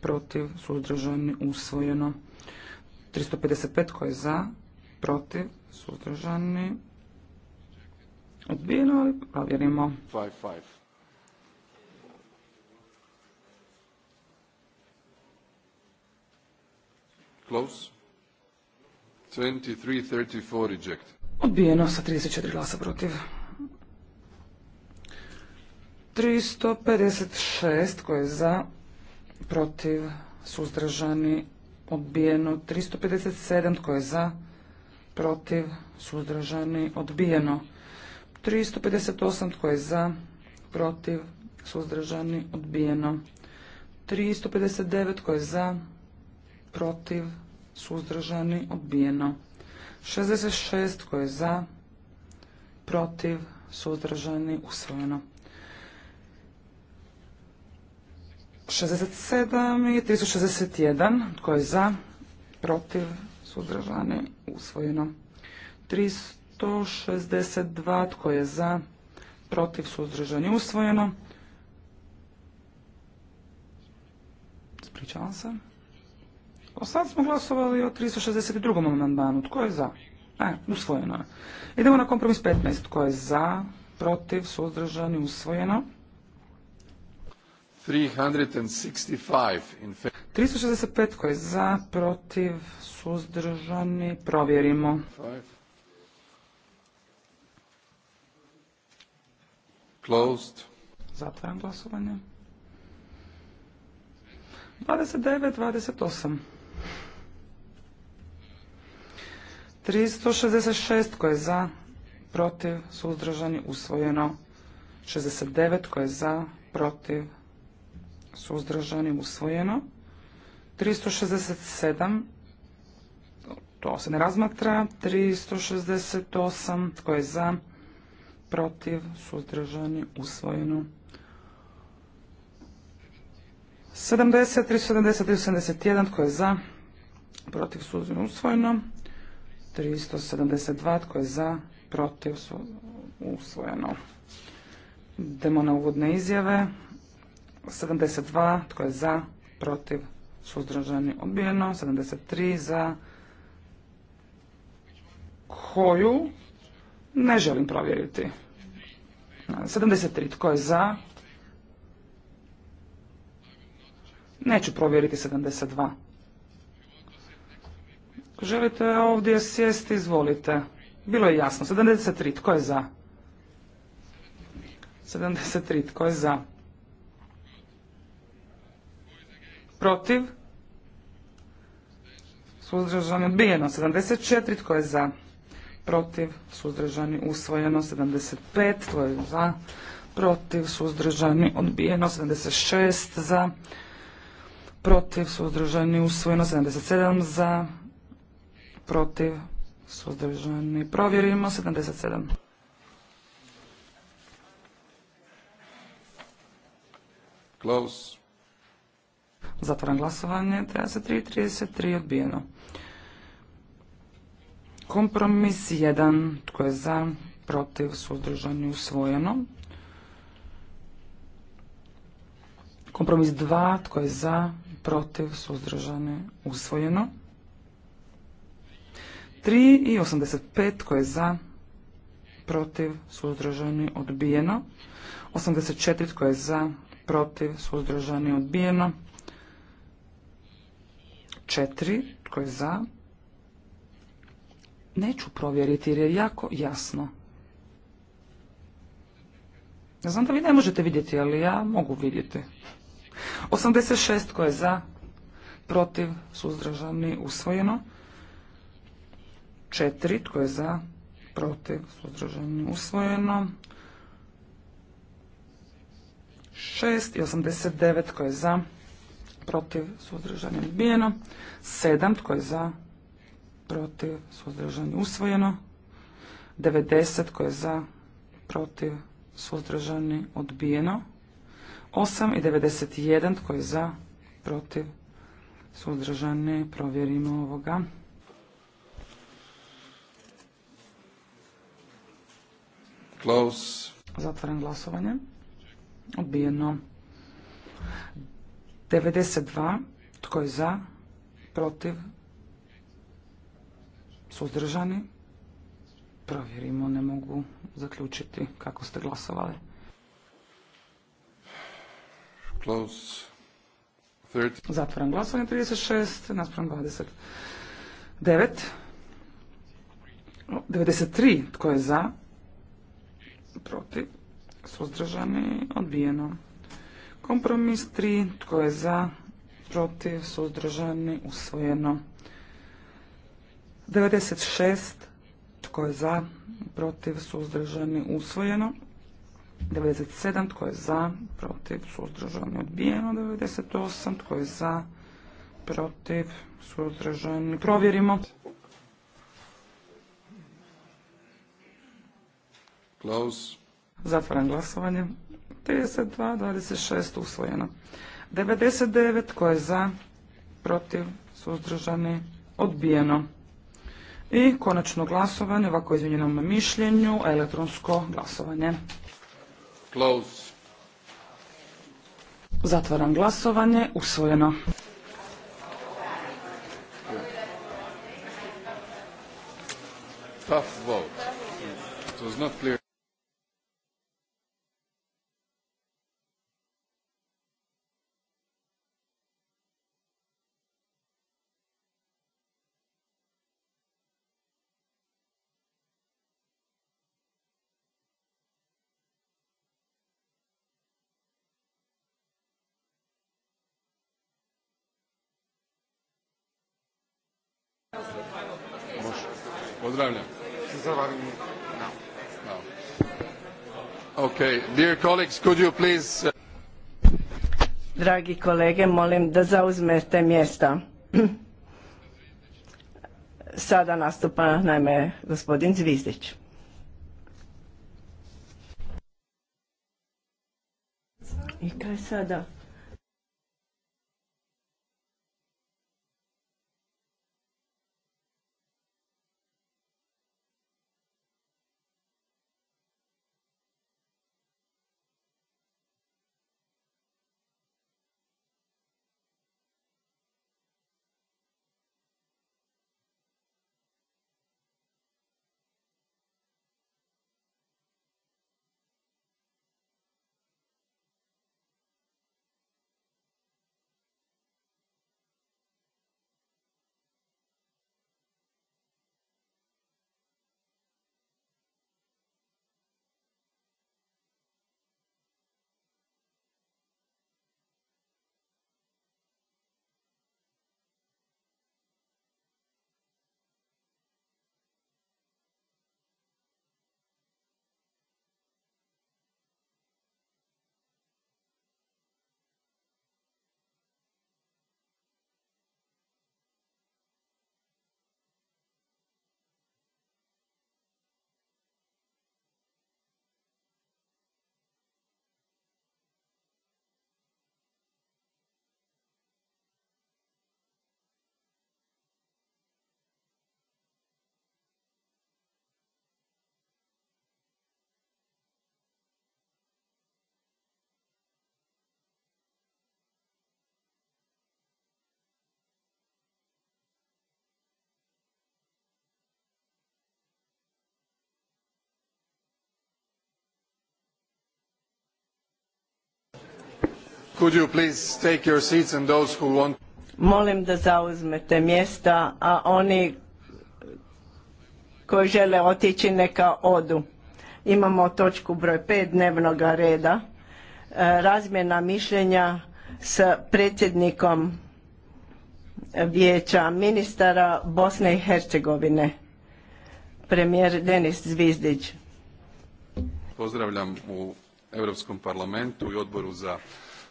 protiv, suzdržani usvojeno. 355 tko je za, protiv, suzdržani odbijeno, ali provjerimo. 5, 5. Odbijeno sa 34 glasa protiv. 356 koje je za, protiv, suzdržani, odbijeno. 357 tko je za, protiv, suzdržani, odbijeno. 358 tko je za, protiv, suzdržani, odbijeno. 359 tko je za, protiv, suzdržani, odbijeno. 66 koje je za, protiv, suzdržani, usvojeno. 67 i 361. Tko je za? Protiv? Suzdržani? Usvojeno. 362. Tko je za? Protiv? Suzdržani? Usvojeno. Ispričavam se. O sad smo glasovali o 362. amandmanu. Tko je za? E, usvojeno Idemo na kompromis 15. Tko je za? Protiv? Suzdržani? Usvojeno. 365 koji je za, protiv, suzdržani, provjerimo. Zatvaram glasovanje. 29, 28. 366 koje je za, protiv, suzdržani, usvojeno. 69 koje je za, protiv, suzdržani, usvojeno. 367, to se ne razmatra. 368, tko je za, protiv, suzdržani, usvojeno. 70, 370, 371, tko je za, protiv, suzdržano, usvojeno. 372, tko je za, protiv, usvojeno. Idemo na uvodne izjave. 72, tko je za, protiv, suzdržani, odbijeno. 73 za koju ne želim provjeriti. 73, tko je za? Neću provjeriti 72. Želite ovdje sjesti, izvolite. Bilo je jasno. 73, tko je za? 73, tko je za? Protiv? Suzdržani odbijeno. 74. Tko je za? Protiv? Suzdržani usvojeno. 75. Tko je za? Protiv? Suzdržani odbijeno. 76. Za? Protiv? Suzdržani usvojeno. 77. Za? Protiv? Suzdržani provjerimo. 77. Close. Zatvaram glasovanje. se 33 odbijeno. Kompromis 1. Tko je za? Protiv? Suzdržani? Usvojeno. Kompromis 2. Tko je za? Protiv? suzdržano, Usvojeno. 3 i 85. Tko je za? Protiv? suzdržano, Odbijeno. 84. Tko je za? Protiv? Suzdržani? Odbijeno. Četiri, tko je za? Neću provjeriti jer je jako jasno. Ja znam da vi ne možete vidjeti, ali ja mogu vidjeti. 86 tko je za, protiv, suzdržani, usvojeno. Četiri, tko je za, protiv, suzdržani, usvojeno. 6 i 89 tko je za, protiv, je odbijeno. Sedam tko je za, protiv, suzdržani, usvojeno. Devedeset tko je za, protiv, suzdržani, odbijeno. Osam i devedeset jedan tko je za, protiv, suzdržani, provjerimo ovoga. Close. Zatvaram glasovanje. Odbijeno. 92. Tko je za? Protiv? Suzdržani? Provjerimo, ne mogu zaključiti kako ste glasovali. Zatvoran glasovanje 36, naspram 29. 93. Tko je za? Protiv? Suzdržani? Odbijeno. Kompromis 3. Tko je za? Protiv? Suzdržani? Usvojeno. 96. Tko je za? Protiv? Suzdržani? Usvojeno. 97. Tko je za? Protiv? Suzdržani? Odbijeno. 98. Tko je za? Protiv? Suzdržani? Provjerimo. Klaus. Zatvaram glasovanje. 32, 26 usvojeno. 99 tko je za, protiv, suzdržani, odbijeno. I konačno glasovanje, ovako na mišljenju, elektronsko glasovanje. Zatvaram glasovanje, usvojeno. Pozdravljam. Okay. Dear colleagues, could you please... Uh, Dragi kolege, molim da zauzmete mjesta. Sada nastupa naime gospodin Zvizdić. I kaj sada? Molim da zauzmete mjesta, a oni koji žele otići neka odu. Imamo točku broj 5 dnevnog reda. E, razmjena mišljenja s predsjednikom vijeća ministara Bosne i Hercegovine. Premijer Denis Zvizdić. Pozdravljam u Europskom parlamentu i odboru za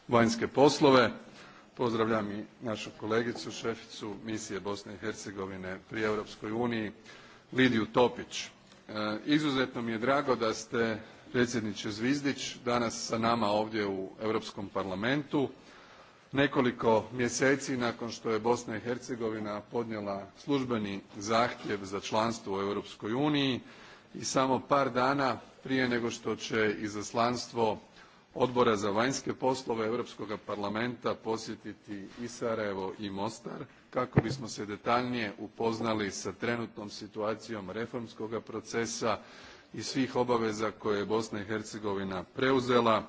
vanjske poslove. Pozdravljam i našu kolegicu, šeficu misije Bosne i Hercegovine pri Europskoj uniji, Lidiju Topić. E, izuzetno mi je drago da ste, predsjedniče Zvizdić, danas sa nama ovdje u Europskom parlamentu nekoliko mjeseci nakon što je Bosna i Hercegovina podnijela službeni zahtjev za članstvo u Europskoj uniji i samo par dana prije nego što će izaslanstvo Odbora za vanjske poslove Europskog parlamenta posjetiti i Sarajevo i Mostar kako bismo se detaljnije upoznali sa trenutnom situacijom reformskoga procesa i svih obaveza koje je Bosna i Hercegovina preuzela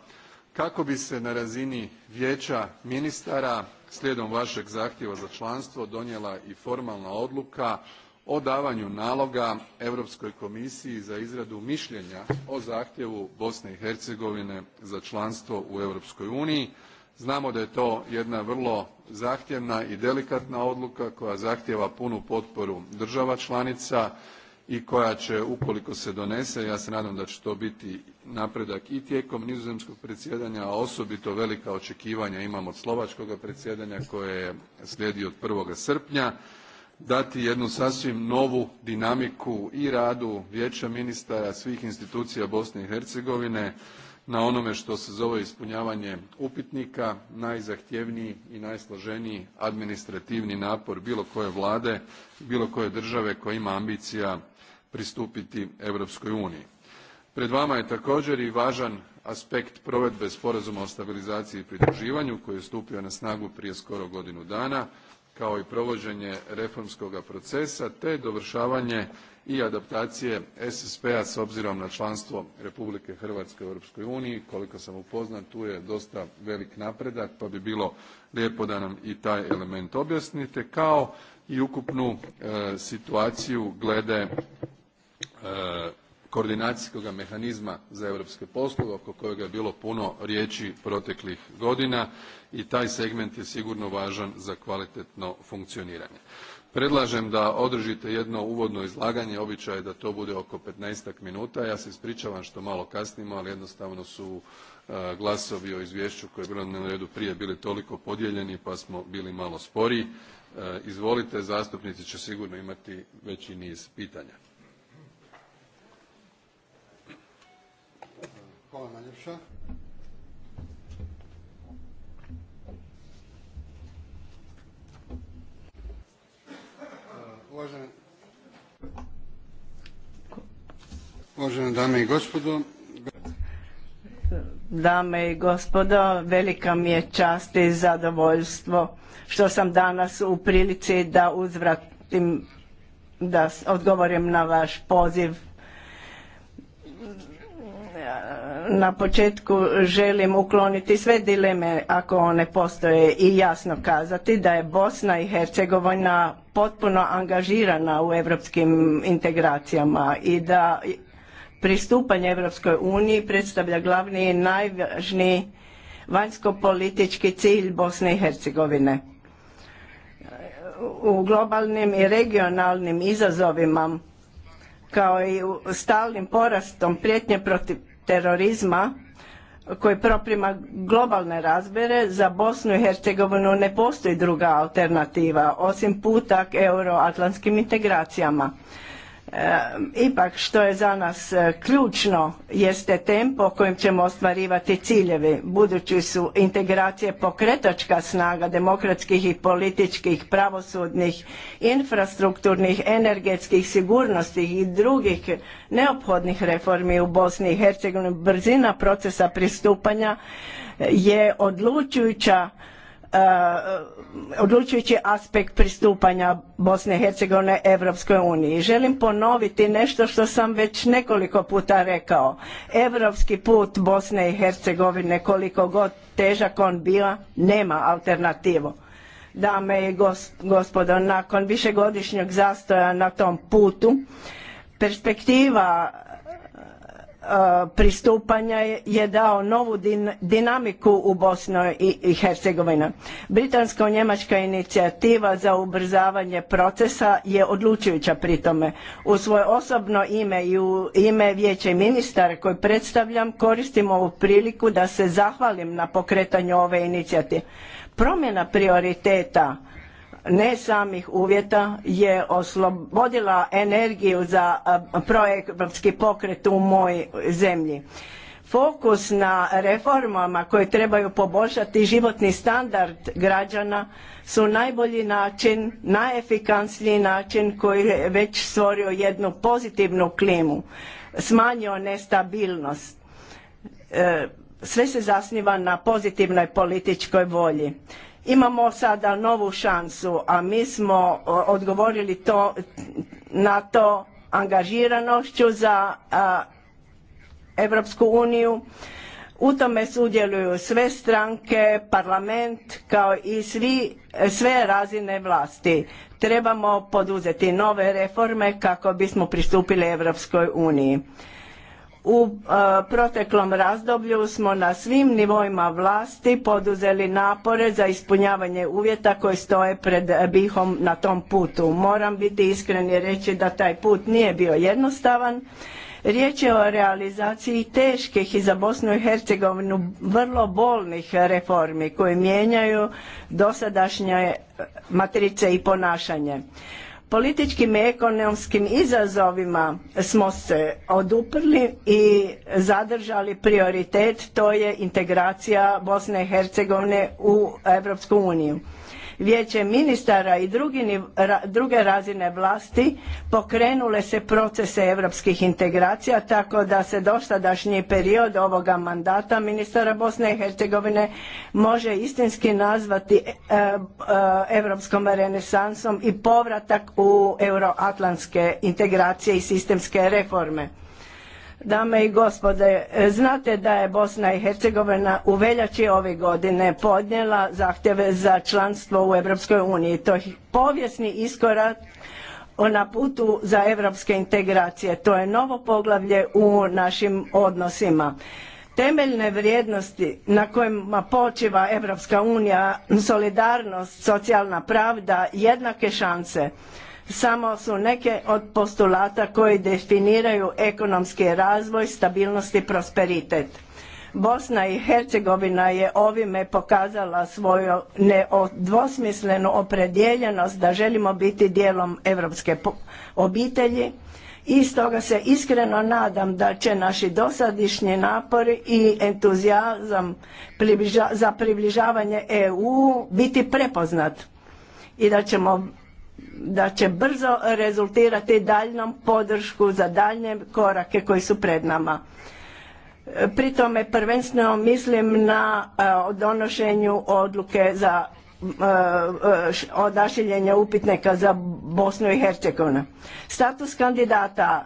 kako bi se na razini vijeća ministara slijedom vašeg zahtjeva za članstvo donijela i formalna odluka o davanju naloga Europskoj komisiji za izradu mišljenja o zahtjevu Bosne i Hercegovine za članstvo u Europskoj uniji. Znamo da je to jedna vrlo zahtjevna i delikatna odluka koja zahtjeva punu potporu država članica i koja će ukoliko se donese, ja se nadam da će to biti napredak i tijekom nizozemskog predsjedanja, a osobito velika očekivanja imam od slovačkog predsjedanja koje slijedi od 1. srpnja dati jednu sasvim novu dinamiku i radu vijeća ministara svih institucija Bosne i Hercegovine na onome što se zove ispunjavanje upitnika, najzahtjevniji i najsloženiji administrativni napor bilo koje vlade, bilo koje države koja ima ambicija pristupiti Europskoj uniji. Pred vama je također i važan aspekt provedbe sporazuma o stabilizaciji i pridruživanju koji je stupio na snagu prije skoro godinu dana kao i provođenje reformskoga procesa te dovršavanje i adaptacije SSP-a s obzirom na članstvo Republike Hrvatske u Europskoj uniji. Koliko sam upoznat, tu je dosta velik napredak, pa bi bilo lijepo da nam i taj element objasnite, kao i ukupnu e, situaciju glede e, koordinacijskog mehanizma za europske poslove oko kojega je bilo puno riječi proteklih godina i taj segment je sigurno važan za kvalitetno funkcioniranje. Predlažem da održite jedno uvodno izlaganje, običaj je da to bude oko 15 minuta. Ja se ispričavam što malo kasnimo, ali jednostavno su e, glasovi o izvješću koje je bilo na redu prije bili toliko podijeljeni pa smo bili malo sporiji. E, izvolite, zastupnici će sigurno imati veći niz pitanja. Hvala e, Uvažene, dame i gospodo, Dame i gospodo, velika mi je čast i zadovoljstvo što sam danas u prilici da uzvratim, da odgovorim na vaš poziv na početku želim ukloniti sve dileme ako one postoje i jasno kazati da je Bosna i Hercegovina potpuno angažirana u europskim integracijama i da pristupanje Europskoj uniji predstavlja glavni i najvažniji vanjskopolitički cilj Bosne i Hercegovine. U globalnim i regionalnim izazovima kao i stalnim porastom prijetnje protiv terorizma koji proprima globalne razbere za Bosnu i Hercegovinu ne postoji druga alternativa osim puta k euroatlantskim integracijama. Ipak što je za nas e, ključno jeste tempo kojim ćemo ostvarivati ciljeve. Budući su integracije pokretačka snaga demokratskih i političkih, pravosudnih, infrastrukturnih, energetskih, sigurnosti i drugih neophodnih reformi u Bosni i Hercegovini. Brzina procesa pristupanja je odlučujuća E, odlučujući aspekt pristupanja Bosne i Hercegovine Europskoj uniji. Želim ponoviti nešto što sam već nekoliko puta rekao. Europski put Bosne i Hercegovine koliko god težak on bio nema alternativu. Dame i gospodo, nakon višegodišnjeg zastoja na tom putu perspektiva Eh, pristupanja je dao novu dinamiku u Bosni i Hercegovini. Britansko-njemačka inicijativa za ubrzavanje procesa je odlučujuća pri tome. U svoje osobno ime i u ime vijeće ministara koji predstavljam koristim ovu priliku da se zahvalim na pokretanju ove inicijative. Promjena prioriteta ne samih uvjeta je oslobodila energiju za projektski pokret u mojoj zemlji. Fokus na reformama koje trebaju poboljšati životni standard građana su najbolji način, najefikasniji način koji je već stvorio jednu pozitivnu klimu, smanjio nestabilnost. E, sve se zasniva na pozitivnoj političkoj volji Imamo sada novu šansu, a mi smo odgovorili to, na to angažiranošću za a, Evropsku uniju. U tome sudjeluju sve stranke, parlament kao i sve razine vlasti. Trebamo poduzeti nove reforme kako bismo pristupili Evropskoj uniji. U e, proteklom razdoblju smo na svim nivoima vlasti poduzeli napore za ispunjavanje uvjeta koji stoje pred bihom na tom putu. Moram biti iskren i reći da taj put nije bio jednostavan. Riječ je o realizaciji teških i za Bosnu i Hercegovinu vrlo bolnih reformi koje mijenjaju dosadašnje matrice i ponašanje. Političkim i ekonomskim izazovima smo se oduprli i zadržali prioritet, to je integracija Bosne i Hercegovine u Europsku uniju vijeće ministara i druge razine vlasti pokrenule se procese europskih integracija tako da se dosadašnji period ovoga mandata ministara Bosne i Hercegovine može istinski nazvati europskom e, renesansom i povratak u euroatlantske integracije i sistemske reforme. Dame i gospode, znate da je Bosna i Hercegovina u veljači ove godine podnijela zahtjeve za članstvo u Europskoj uniji. To je povijesni iskorak na putu za europske integracije. To je novo poglavlje u našim odnosima. Temeljne vrijednosti na kojima počiva Europska unija, solidarnost, socijalna pravda, jednake šanse samo su neke od postulata koji definiraju ekonomski razvoj, stabilnost i prosperitet. Bosna i Hercegovina je ovime pokazala svoju nedvosmislenu opredjeljenost da želimo biti dijelom europske obitelji i stoga se iskreno nadam da će naši dosadašnji napori i entuzijazam za približavanje EU biti prepoznat i da ćemo da će brzo rezultirati daljnom podršku za daljnje korake koji su pred nama. Pri tome prvenstveno mislim na e, donošenju odluke za e, e, odašiljenje upitnika za Bosnu i Hercegovinu. Status kandidata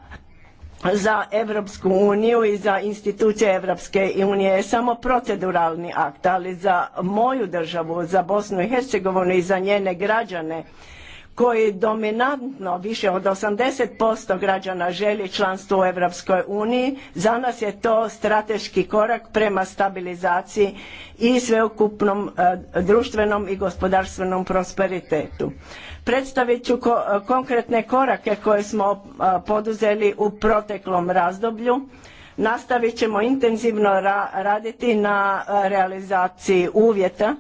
za Europsku uniju i za institucije Europske unije je samo proceduralni akt, ali za moju državu, za Bosnu i Hercegovinu i za njene građane koji dominantno više od 80% građana želi članstvo u Europskoj uniji, za nas je to strateški korak prema stabilizaciji i sveukupnom e, društvenom i gospodarstvenom prosperitetu. Predstavit ću e, konkretne korake koje smo e, poduzeli u proteklom razdoblju. Nastavit ćemo intenzivno raditi na realizaciji uvjeta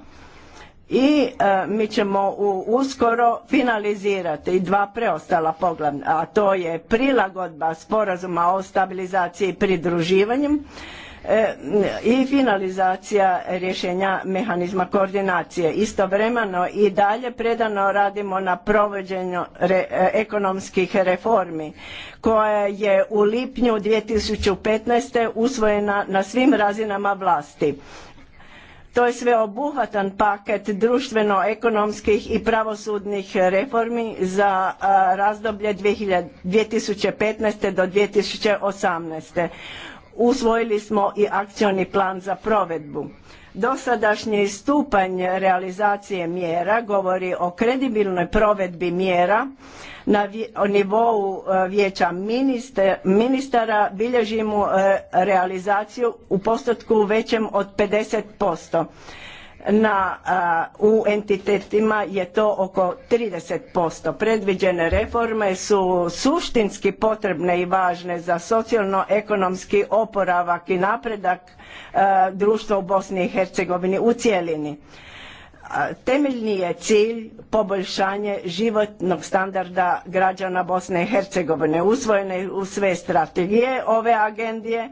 i e, mi ćemo uskoro finalizirati dva preostala poglavlja, a to je prilagodba sporazuma o stabilizaciji i pridruživanjem i finalizacija rješenja mehanizma koordinacije. Istovremeno i dalje predano radimo na provođenju e, ekonomskih reformi koja je u lipnju 2015. usvojena na svim razinama vlasti to je sveobuhvatan paket društveno-ekonomskih i pravosudnih reformi za razdoblje 2015. do 2018. Usvojili smo i akcioni plan za provedbu. Dosadašnji stupanj realizacije mjera govori o kredibilnoj provedbi mjera na nivou e, vijeća ministara bilježimo e, realizaciju u postotku većem od 50%. Na, u entitetima je to oko 30%. Predviđene reforme su suštinski potrebne i važne za socijalno-ekonomski oporavak i napredak e, društva u Bosni i Hercegovini u cijelini Temeljni je cilj poboljšanje životnog standarda građana Bosne i Hercegovine usvojene u sve strategije ove agendije.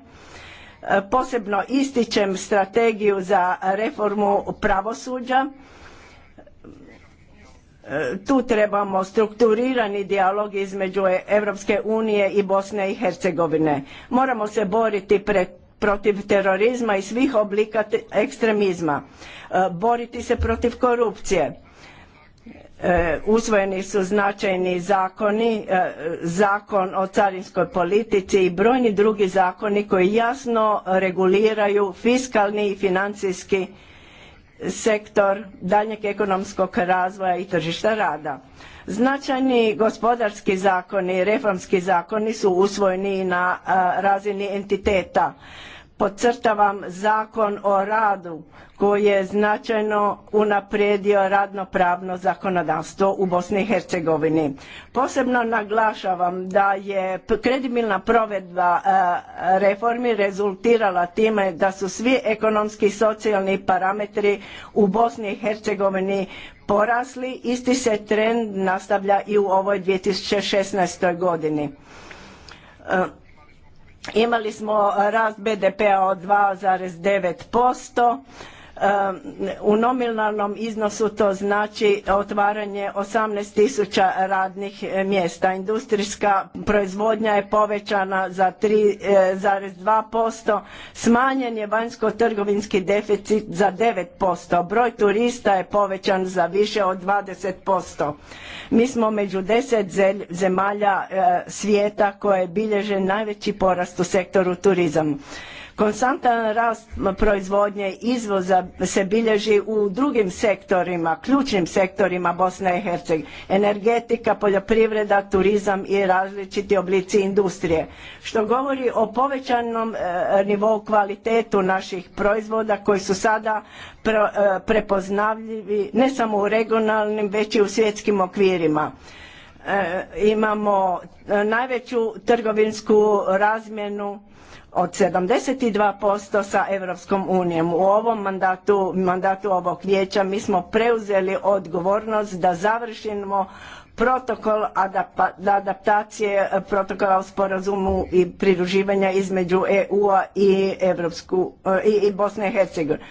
E, posebno ističem strategiju za reformu pravosuđa. E, tu trebamo strukturirani dijalog između Europske unije i Bosne i Hercegovine. Moramo se boriti pred protiv terorizma i svih oblika ekstremizma, e, boriti se protiv korupcije. E, usvojeni su značajni zakoni, e, zakon o carinskoj politici i brojni drugi zakoni koji jasno reguliraju fiskalni i financijski sektor daljnjeg ekonomskog razvoja i tržišta rada. Značajni gospodarski zakoni, reformski zakoni su usvojeni na razini entiteta Podcrtavam zakon o radu koji je značajno unaprijedio radnopravno zakonodavstvo u Bosni i Hercegovini. Posebno naglašavam da je kredibilna provedba e, reformi rezultirala time da su svi ekonomski i socijalni parametri u Bosni i Hercegovini porasli. Isti se trend nastavlja i u ovoj 2016. godini. E, Imali smo rast BDP-a od 2,9%, u nominalnom iznosu to znači otvaranje 18.000 radnih mjesta. Industrijska proizvodnja je povećana za 3,2%, e, smanjen je vanjsko-trgovinski deficit za 9%, broj turista je povećan za više od 20%. Mi smo među deset zemalja e, svijeta koje bilježe najveći porast u sektoru turizam Konstantan rast proizvodnje izvoza se bilježi u drugim sektorima, ključnim sektorima Bosne i Hercegovine. Energetika, poljoprivreda, turizam i različiti oblici industrije. Što govori o povećanom e, nivou kvalitetu naših proizvoda koji su sada e, prepoznavljivi ne samo u regionalnim već i u svjetskim okvirima. E, imamo najveću trgovinsku razmjenu od 72% sa Europskom unijom. U ovom mandatu, mandatu ovog vijeća mi smo preuzeli odgovornost da završimo protokol adaptacije eh, protokola o sporazumu i pridruživanja između EU-a eh, i, i Bosne i Hercegovine.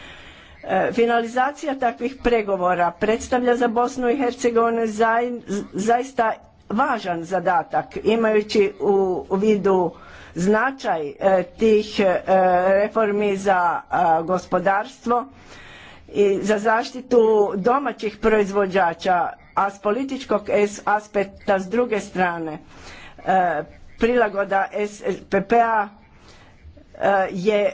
Eh, finalizacija takvih pregovora predstavlja za Bosnu i Hercegovinu zaista važan zadatak imajući u vidu značaj e, tih e, reformi za e, gospodarstvo i za zaštitu domaćih proizvođača, a s političkog aspekta s druge strane prilagoda SPP-a je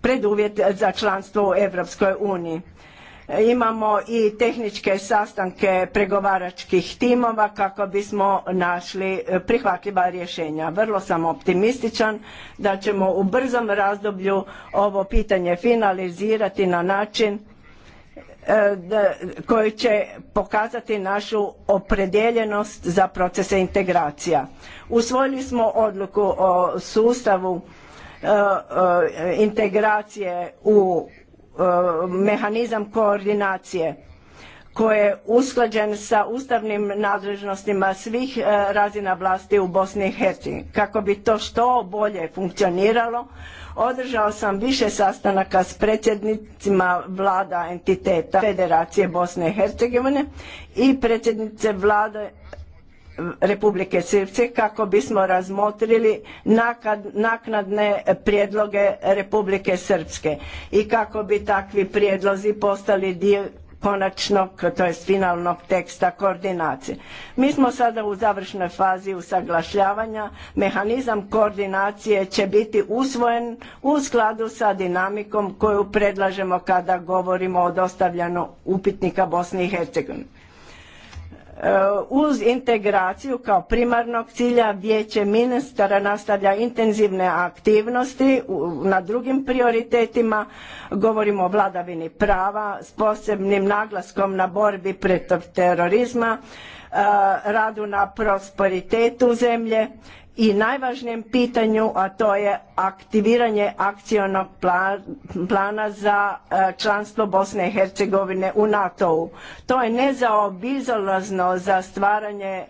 preduvjet za članstvo u Europskoj uniji. Imamo i tehničke sastanke pregovaračkih timova kako bismo našli e, prihvatljiva rješenja. Vrlo sam optimističan da ćemo u brzom razdoblju ovo pitanje finalizirati na način e, koji će pokazati našu opredjeljenost za procese integracija. Usvojili smo odluku o sustavu e, integracije u E, mehanizam koordinacije koji je usklađen sa ustavnim nadležnostima svih e, razina vlasti u Bosni i Hercegovini. Kako bi to što bolje funkcioniralo, održao sam više sastanaka s predsjednicima vlada entiteta Federacije Bosne i Hercegovine i predsjednice vlade Republike Srpske kako bismo razmotrili naknadne prijedloge Republike Srpske i kako bi takvi prijedlozi postali dio konačnog, to finalnog teksta koordinacije. Mi smo sada u završnoj fazi usaglašavanja. Mehanizam koordinacije će biti usvojen u skladu sa dinamikom koju predlažemo kada govorimo o dostavljanju upitnika Bosni i Hercegovini. Eh, uz integraciju kao primarnog cilja vijeće ministara nastavlja intenzivne aktivnosti na drugim prioritetima, govorimo o vladavini prava s posebnim naglaskom na borbi protiv terorizma, eh, radu na prosperitetu zemlje, i najvažnijem pitanju, a to je aktiviranje akcionog plana za e, članstvo Bosne i Hercegovine u NATO-u. To je nezaobilazno za stvaranje e,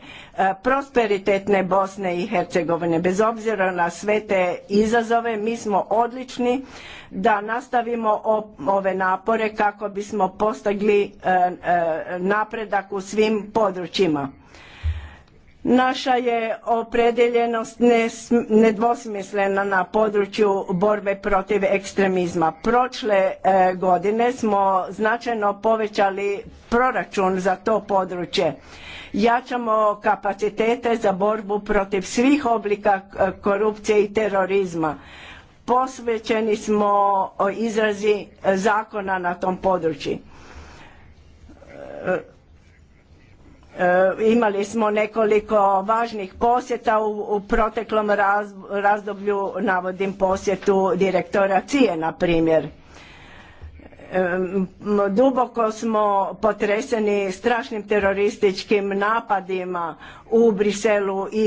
prosperitetne Bosne i Hercegovine. Bez obzira na sve te izazove, mi smo odlični da nastavimo ove napore kako bismo postigli e, napredak u svim područjima Naša je opredjeljenost nedvosmislena na području borbe protiv ekstremizma. Prošle e, godine smo značajno povećali proračun za to područje. Jačamo kapacitete za borbu protiv svih oblika e, korupcije i terorizma. Posvećeni smo e, izrazi zakona na tom području E, imali smo nekoliko važnih posjeta u, proteklom razdoblju, navodim posjetu direktora Cije, na primjer. duboko smo potreseni strašnim terorističkim napadima u Briselu i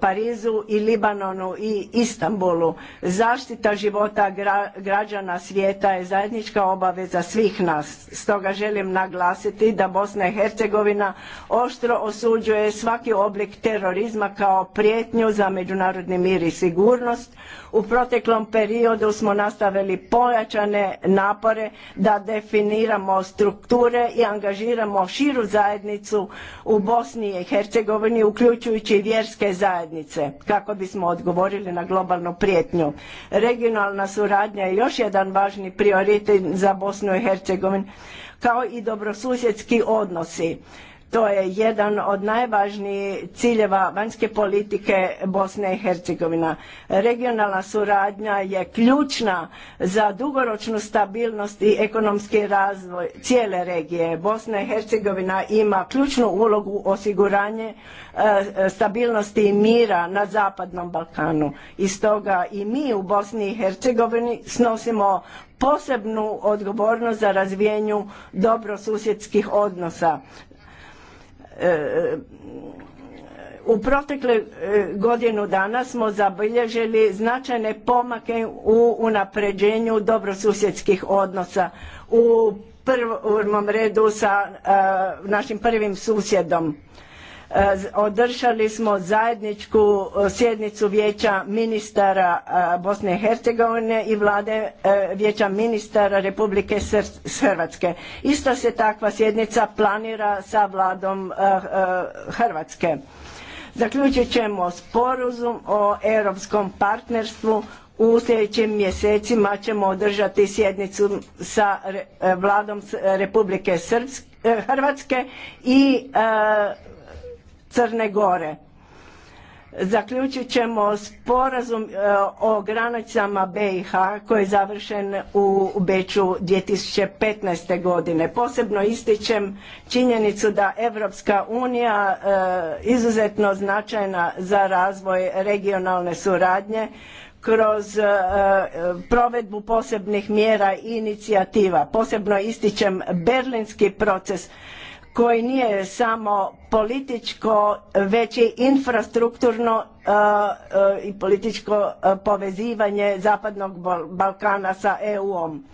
Parizu i Libanonu i Istanbulu. Zaštita života građana svijeta je zajednička obaveza svih nas. Stoga želim naglasiti da Bosna i Hercegovina oštro osuđuje svaki oblik terorizma kao prijetnju za međunarodni mir i sigurnost. U proteklom periodu smo nastavili pojačane napore da definiramo strukture i angažiramo širu zajednicu u Bosni i Hercegovini Hercegovini, uključujući i vjerske zajednice, kako bismo odgovorili na globalnu prijetnju. Regionalna suradnja je još jedan važni prioritet za Bosnu i Hercegovinu, kao i dobrosusjedski odnosi to je jedan od najvažnijih ciljeva vanjske politike Bosne i Hercegovina. Regionalna suradnja je ključna za dugoročnu stabilnost i ekonomski razvoj cijele regije. Bosna i Hercegovina ima ključnu ulogu osiguranje e, stabilnosti i mira na Zapadnom Balkanu. I stoga i mi u Bosni i Hercegovini snosimo posebnu odgovornost za razvijenju dobrosusjedskih odnosa. U protekle e, godinu dana smo zabilježili značajne pomake u unapređenju dobrosusjedskih odnosa u prvom redu sa e, našim prvim susjedom Eh, održali smo zajedničku eh, sjednicu vijeća ministara eh, Bosne i Hercegovine i vlade vijeća ministara Republike Hrvatske. Isto se takva sjednica planira sa vladom Hrvatske. Zaključit ćemo sporazum o europskom partnerstvu u sljedećim mjesecima ćemo održati sjednicu sa vladom Republike Srpske, Hrvatske i Crne Gore. Zaključit ćemo sporazum e, o granicama BiH koji je završen u Beću 2015. godine. Posebno ističem činjenicu da Evropska unija e, izuzetno značajna za razvoj regionalne suradnje kroz e, provedbu posebnih mjera i inicijativa. Posebno ističem berlinski proces koji nije samo političko, već i infrastrukturno e, e, i političko e, povezivanje Zapadnog Balkana sa EU-om.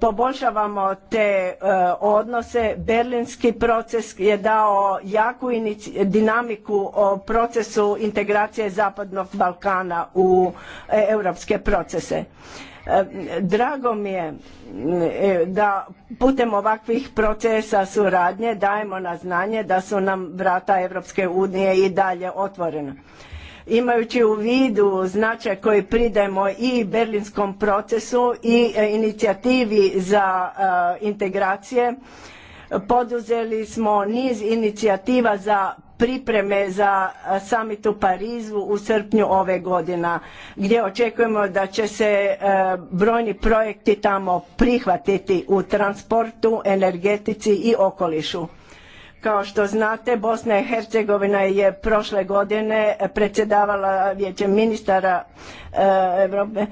Poboljšavamo te odnose. Berlinski proces je dao jaku dinamiku o procesu integracije Zapadnog Balkana u europske procese. Drago mi je e, da putem ovakvih procesa suradnje dajemo na znanje da su nam vrata Europske unije i dalje otvorena. Imajući u vidu značaj koji pridajemo i berlinskom procesu i e, inicijativi za e, integracije, Poduzeli smo niz inicijativa za pripreme za summit u Parizu u srpnju ove godine gdje očekujemo da će se e, brojni projekti tamo prihvatiti u transportu, energetici i okolišu kao što znate, Bosna i Hercegovina je prošle godine predsjedavala vijećem ministara Europe.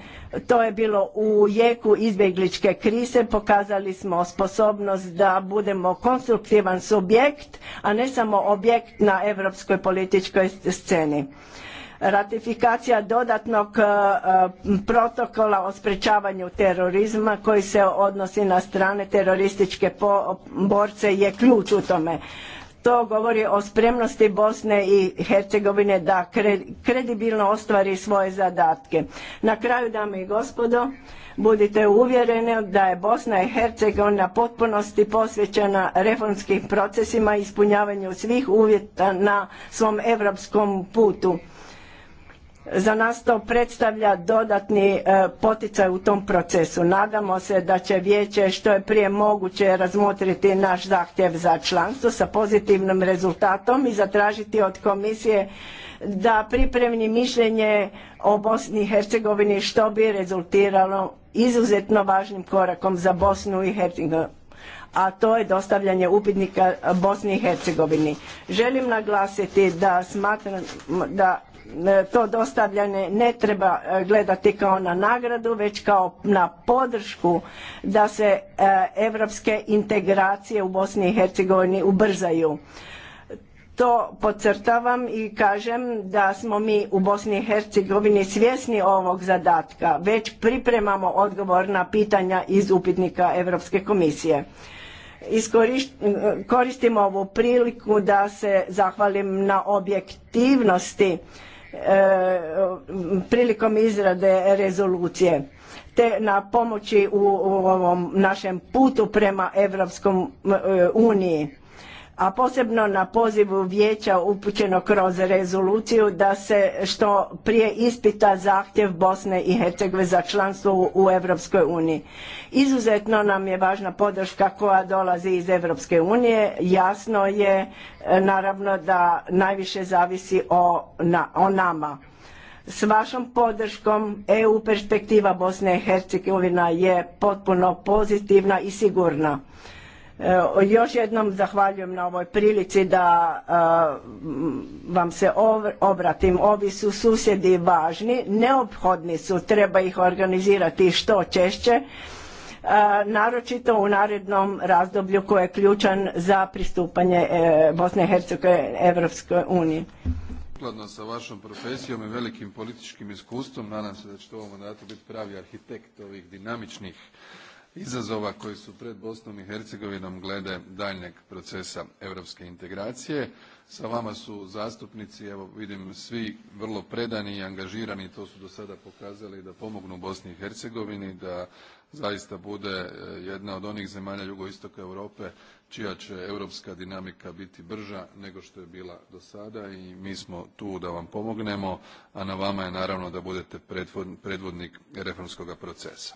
To je bilo u jeku izbjegličke krize. Pokazali smo sposobnost da budemo konstruktivan subjekt, a ne samo objekt na europskoj političkoj sceni ratifikacija dodatnog e, protokola o sprečavanju terorizma koji se odnosi na strane terorističke borce je ključ u tome. To govori o spremnosti Bosne i Hercegovine da kredibilno ostvari svoje zadatke. Na kraju, dame i gospodo, budite uvjereni da je Bosna i Hercegovina potpunosti posvećena reformskim procesima i ispunjavanju svih uvjeta na svom europskom putu za nas to predstavlja dodatni e, poticaj u tom procesu. Nadamo se da će vijeće što je prije moguće razmotriti naš zahtjev za članstvo sa pozitivnim rezultatom i zatražiti od komisije da pripremi mišljenje o Bosni i Hercegovini što bi rezultiralo izuzetno važnim korakom za Bosnu i Hercegovinu a to je dostavljanje upitnika Bosni i Hercegovini. Želim naglasiti da smatram da E, to dostavljanje ne treba e, gledati kao na nagradu već kao na podršku da se europske integracije u Bosni i Hercegovini ubrzaju. To podcrtavam i kažem da smo mi u Bosni i Hercegovini svjesni ovog zadatka, već pripremamo odgovor na pitanja iz upitnika Europske komisije. Iskorišt, koristim ovu priliku da se zahvalim na objektivnosti E, prilikom izrade rezolucije te na pomoći u ovom našem putu prema Europskom e, uniji a posebno na pozivu vijeća upućeno kroz rezoluciju da se što prije ispita zahtjev Bosne i Hercegovine za članstvo u Europskoj uniji. Izuzetno nam je važna podrška koja dolazi iz Europske unije. Jasno je e, naravno da najviše zavisi o, nama. S vašom podrškom EU perspektiva Bosne i Hercegovina je potpuno pozitivna i sigurna. E, još jednom zahvaljujem na ovoj prilici da e, vam se obratim. Ovi su susjedi važni, neophodni su, treba ih organizirati što češće, e, naročito u narednom razdoblju koje je ključan za pristupanje Bosne i Hercegovine Evropskoj uniji. Skladno sa vašom profesijom i velikim političkim iskustvom, nadam se da ćete u ovom mandatu biti pravi arhitekt ovih dinamičnih izazova koji su pred Bosnom i Hercegovinom glede daljnjeg procesa europske integracije. Sa vama su zastupnici, evo vidim svi vrlo predani i angažirani, to su do sada pokazali da pomognu Bosni i Hercegovini, da zaista bude e, jedna od onih zemalja jugoistoka Europe čija će europska dinamika biti brža nego što je bila do sada i mi smo tu da vam pomognemo, a na vama je naravno da budete predvodnik reformskog procesa.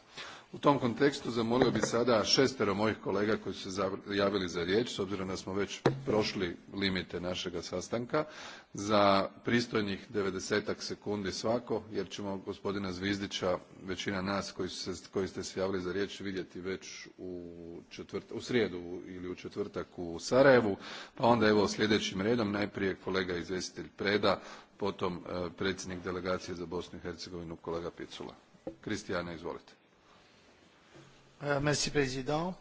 U tom kontekstu zamolio bih sada šestero mojih kolega koji su se javili za riječ, s obzirom da smo već prošli limite našega sastanka, za pristojnih devedesetak sekundi svako, jer ćemo gospodina Zvizdića, većina nas koji, ste se javili za riječ, vidjeti već u, u srijedu ili u četvrtak u Sarajevu, pa onda evo sljedećim redom najprije kolega izvjestitelj Preda, potom eh, predsjednik delegacije za Bosnu i Hercegovinu kolega Picula. Kristijana, izvolite monsieur le Président.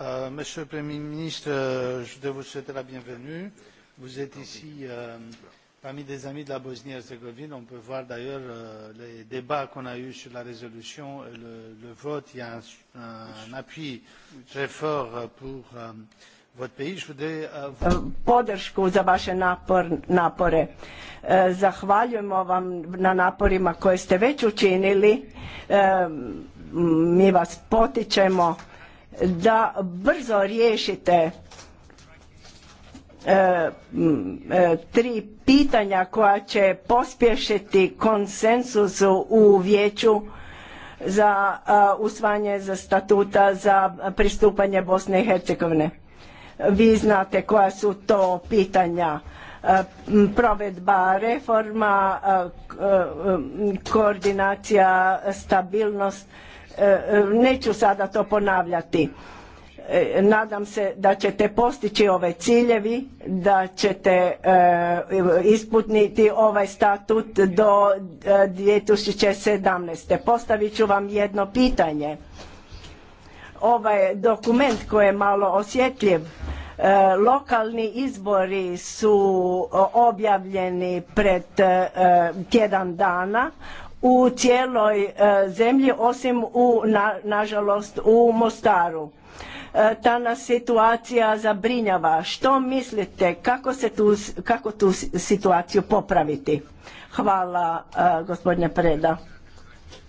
Euh, monsieur le Premier ministre, euh, je voudrais vous souhaiter la bienvenue. Vous êtes ici euh, parmi des amis de la Bosnie-Herzégovine. On peut voir d'ailleurs les débats qu'on a eus sur la résolution, et le, vote. Il y a un, appui très fort pour votre pays. Je voudrais vous... Podršku za vaše napore. Zahvaljujemo vam na naporima koje ste već učinili mi vas potičemo da brzo riješite e, e, tri pitanja koja će pospješiti konsensus u vijeću za usvajanje za statuta za pristupanje Bosne i Hercegovine. Vi znate koja su to pitanja e, provedba reforma, koordinacija, stabilnost, E, e, neću sada to ponavljati. E, nadam se da ćete postići ove ciljevi, da ćete isputniti ovaj statut do 2017. Postavit ću vam jedno pitanje. Ovaj dokument koji je malo osjetljiv, lokalni izbori su objavljeni pred tjedan dana u cijeloj e, zemlji osim u nažalost u Mostaru. E, ta nas situacija zabrinjava. Što mislite kako se tu, kako tu situaciju popraviti? Hvala e, gospodine Preda.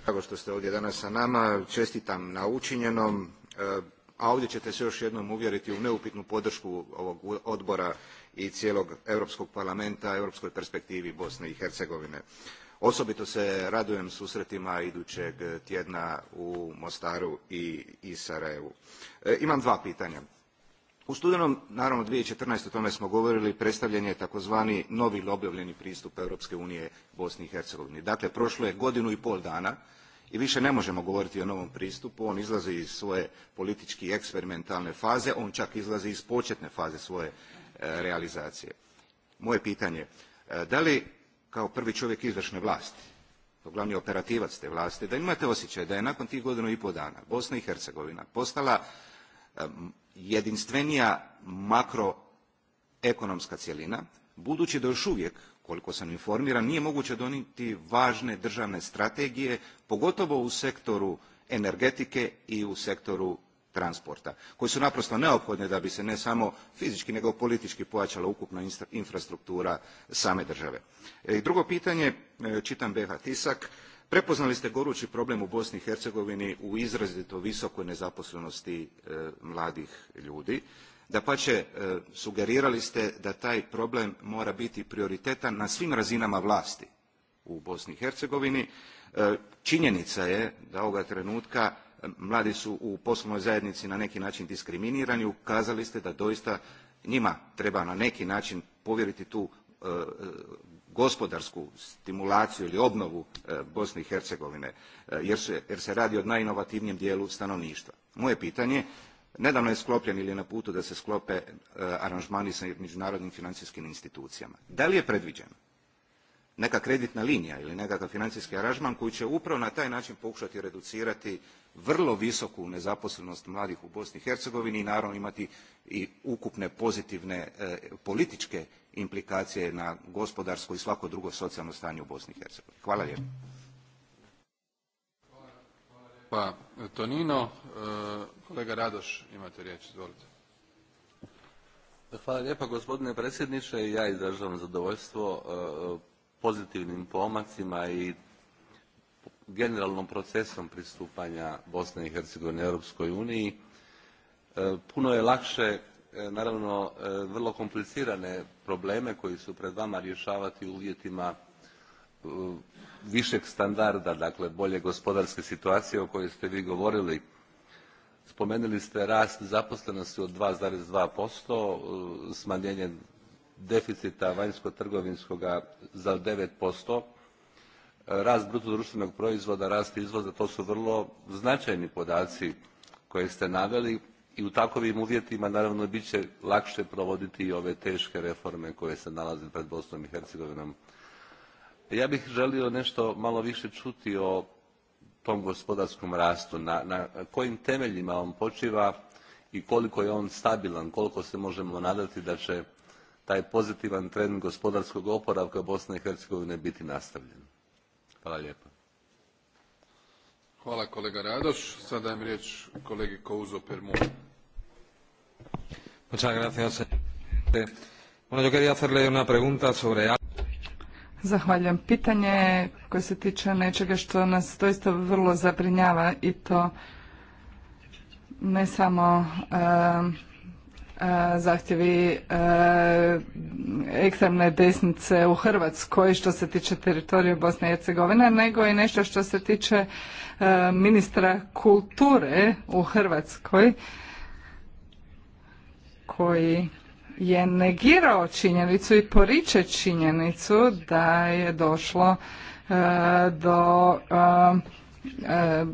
Drago što ste ovdje danas sa nama. Čestitam na učinjenom. A ovdje ćete se još jednom uvjeriti u neupitnu podršku ovog odbora i cijelog Europskog parlamenta, europskoj perspektivi Bosne i Hercegovine osobito se radujem susretima idućeg e, tjedna u mostaru i, sarajevu e, imam dva pitanja u studenom naravno two thousand and o tome smo govorili predstavljen je takozvani novi objavljeni pristup europske unije bosni i hercegovini dakle prošlo je godinu i pol dana i više ne možemo govoriti o novom pristupu on izlazi iz svoje politički eksperimentalne faze on čak izlazi iz početne faze svoje e, realizacije moje pitanje da li kao prvi čovjek izvršne vlasti, kao glavni operativac te vlasti, da imate osjećaj da je nakon tih godina i pol dana Bosna i Hercegovina postala jedinstvenija makroekonomska cjelina, budući da još uvijek, koliko sam informiran, nije moguće donijeti važne državne strategije, pogotovo u sektoru energetike i u sektoru transporta koje su naprosto neophodne da bi se ne samo fizički nego politički pojačala ukupna infrastruktura same države. E, I drugo pitanje, e, čitam Beha Tisak, prepoznali ste gorući problem u Bosni i Hercegovini u izrazito visokoj nezaposlenosti e, mladih ljudi. Dapače, sugerirali ste da taj problem mora biti prioritetan na svim razinama vlasti u Bosni i Hercegovini. činjenica je da ovoga trenutka mladi su u poslovnoj zajednici na neki način diskriminirani ukazali ste da doista njima treba na neki način povjeriti tu e, gospodarsku stimulaciju ili obnovu e, Bosne i Hercegovine e, jer se, radi o najinovativnijem dijelu stanovništva. Moje pitanje nedavno je sklopljen ili je na putu da se sklope aranžmani sa međunarodnim financijskim institucijama. Da li je predviđena neka kreditna linija ili nekakav financijski aranžman koji će upravo na taj način pokušati reducirati vrlo visoku nezaposlenost mladih u Bosni i Hercegovini i naravno imati i ukupne pozitivne e, političke implikacije na gospodarsko i svako drugo socijalno stanje u Bosni i Hercegovini. Hvala lijepo. Pa, Tonino, e, kolega Radoš, imate riječ, izvolite. Hvala lijepa gospodine predsjedniče. Ja izražavam zadovoljstvo e, pozitivnim pomacima i generalnom procesom pristupanja Bosne i Hercegovine Europskoj uniji. E, puno je lakše, e, naravno, e, vrlo komplicirane probleme koji su pred vama rješavati u uvjetima višeg standarda, dakle bolje gospodarske situacije o kojoj ste vi govorili. Spomenuli ste rast zaposlenosti od 2,2%, smanjenje deficita vanjsko-trgovinskoga za 9% rast bruto društvenog proizvoda, rast izvoza, to su vrlo značajni podaci koje ste naveli i u takovim uvjetima naravno bit će lakše provoditi i ove teške reforme koje se nalaze pred Bosnom i Hercegovinom. Ja bih želio nešto malo više čuti o tom gospodarskom rastu, na, kojim temeljima on počiva i koliko je on stabilan, koliko se možemo nadati da će taj pozitivan trend gospodarskog oporavka Bosne i Hercegovine biti nastavljen. Hvala kolega Radoš. Sada dajem riječ kolegi Kouzo Permu. Muchas gracias. Bueno, yo quería hacerle una pregunta Zahvaljujem. Pitanje koje se tiče nečega što nas doista vrlo zabrinjava i to ne samo eh, E, zahtjevi e, ekstremne desnice u Hrvatskoj što se tiče teritorija Bosne i Hercegovine, nego i nešto što se tiče e, ministra kulture u Hrvatskoj koji je negirao činjenicu i poriče činjenicu da je došlo do E,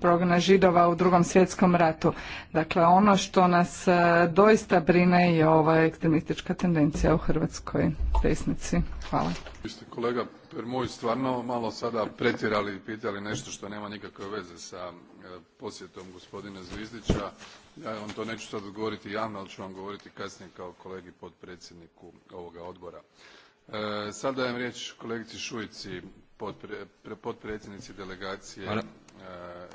progona židova u drugom svjetskom ratu. Dakle, ono što nas e, doista brine je ova ekstremistička tendencija u hrvatskoj desnici. Hvala. Vi ste kolega Permuj stvarno malo sada pretjerali i pitali nešto što nema nikakve veze sa e, posjetom gospodina Zvizdića. Ja vam to neću sad odgovoriti javno, ali ću vam govoriti kasnije kao kolegi potpredsjedniku ovoga odbora. Sad dajem riječ kolegici Šuici potpredsjednici delegacije eh,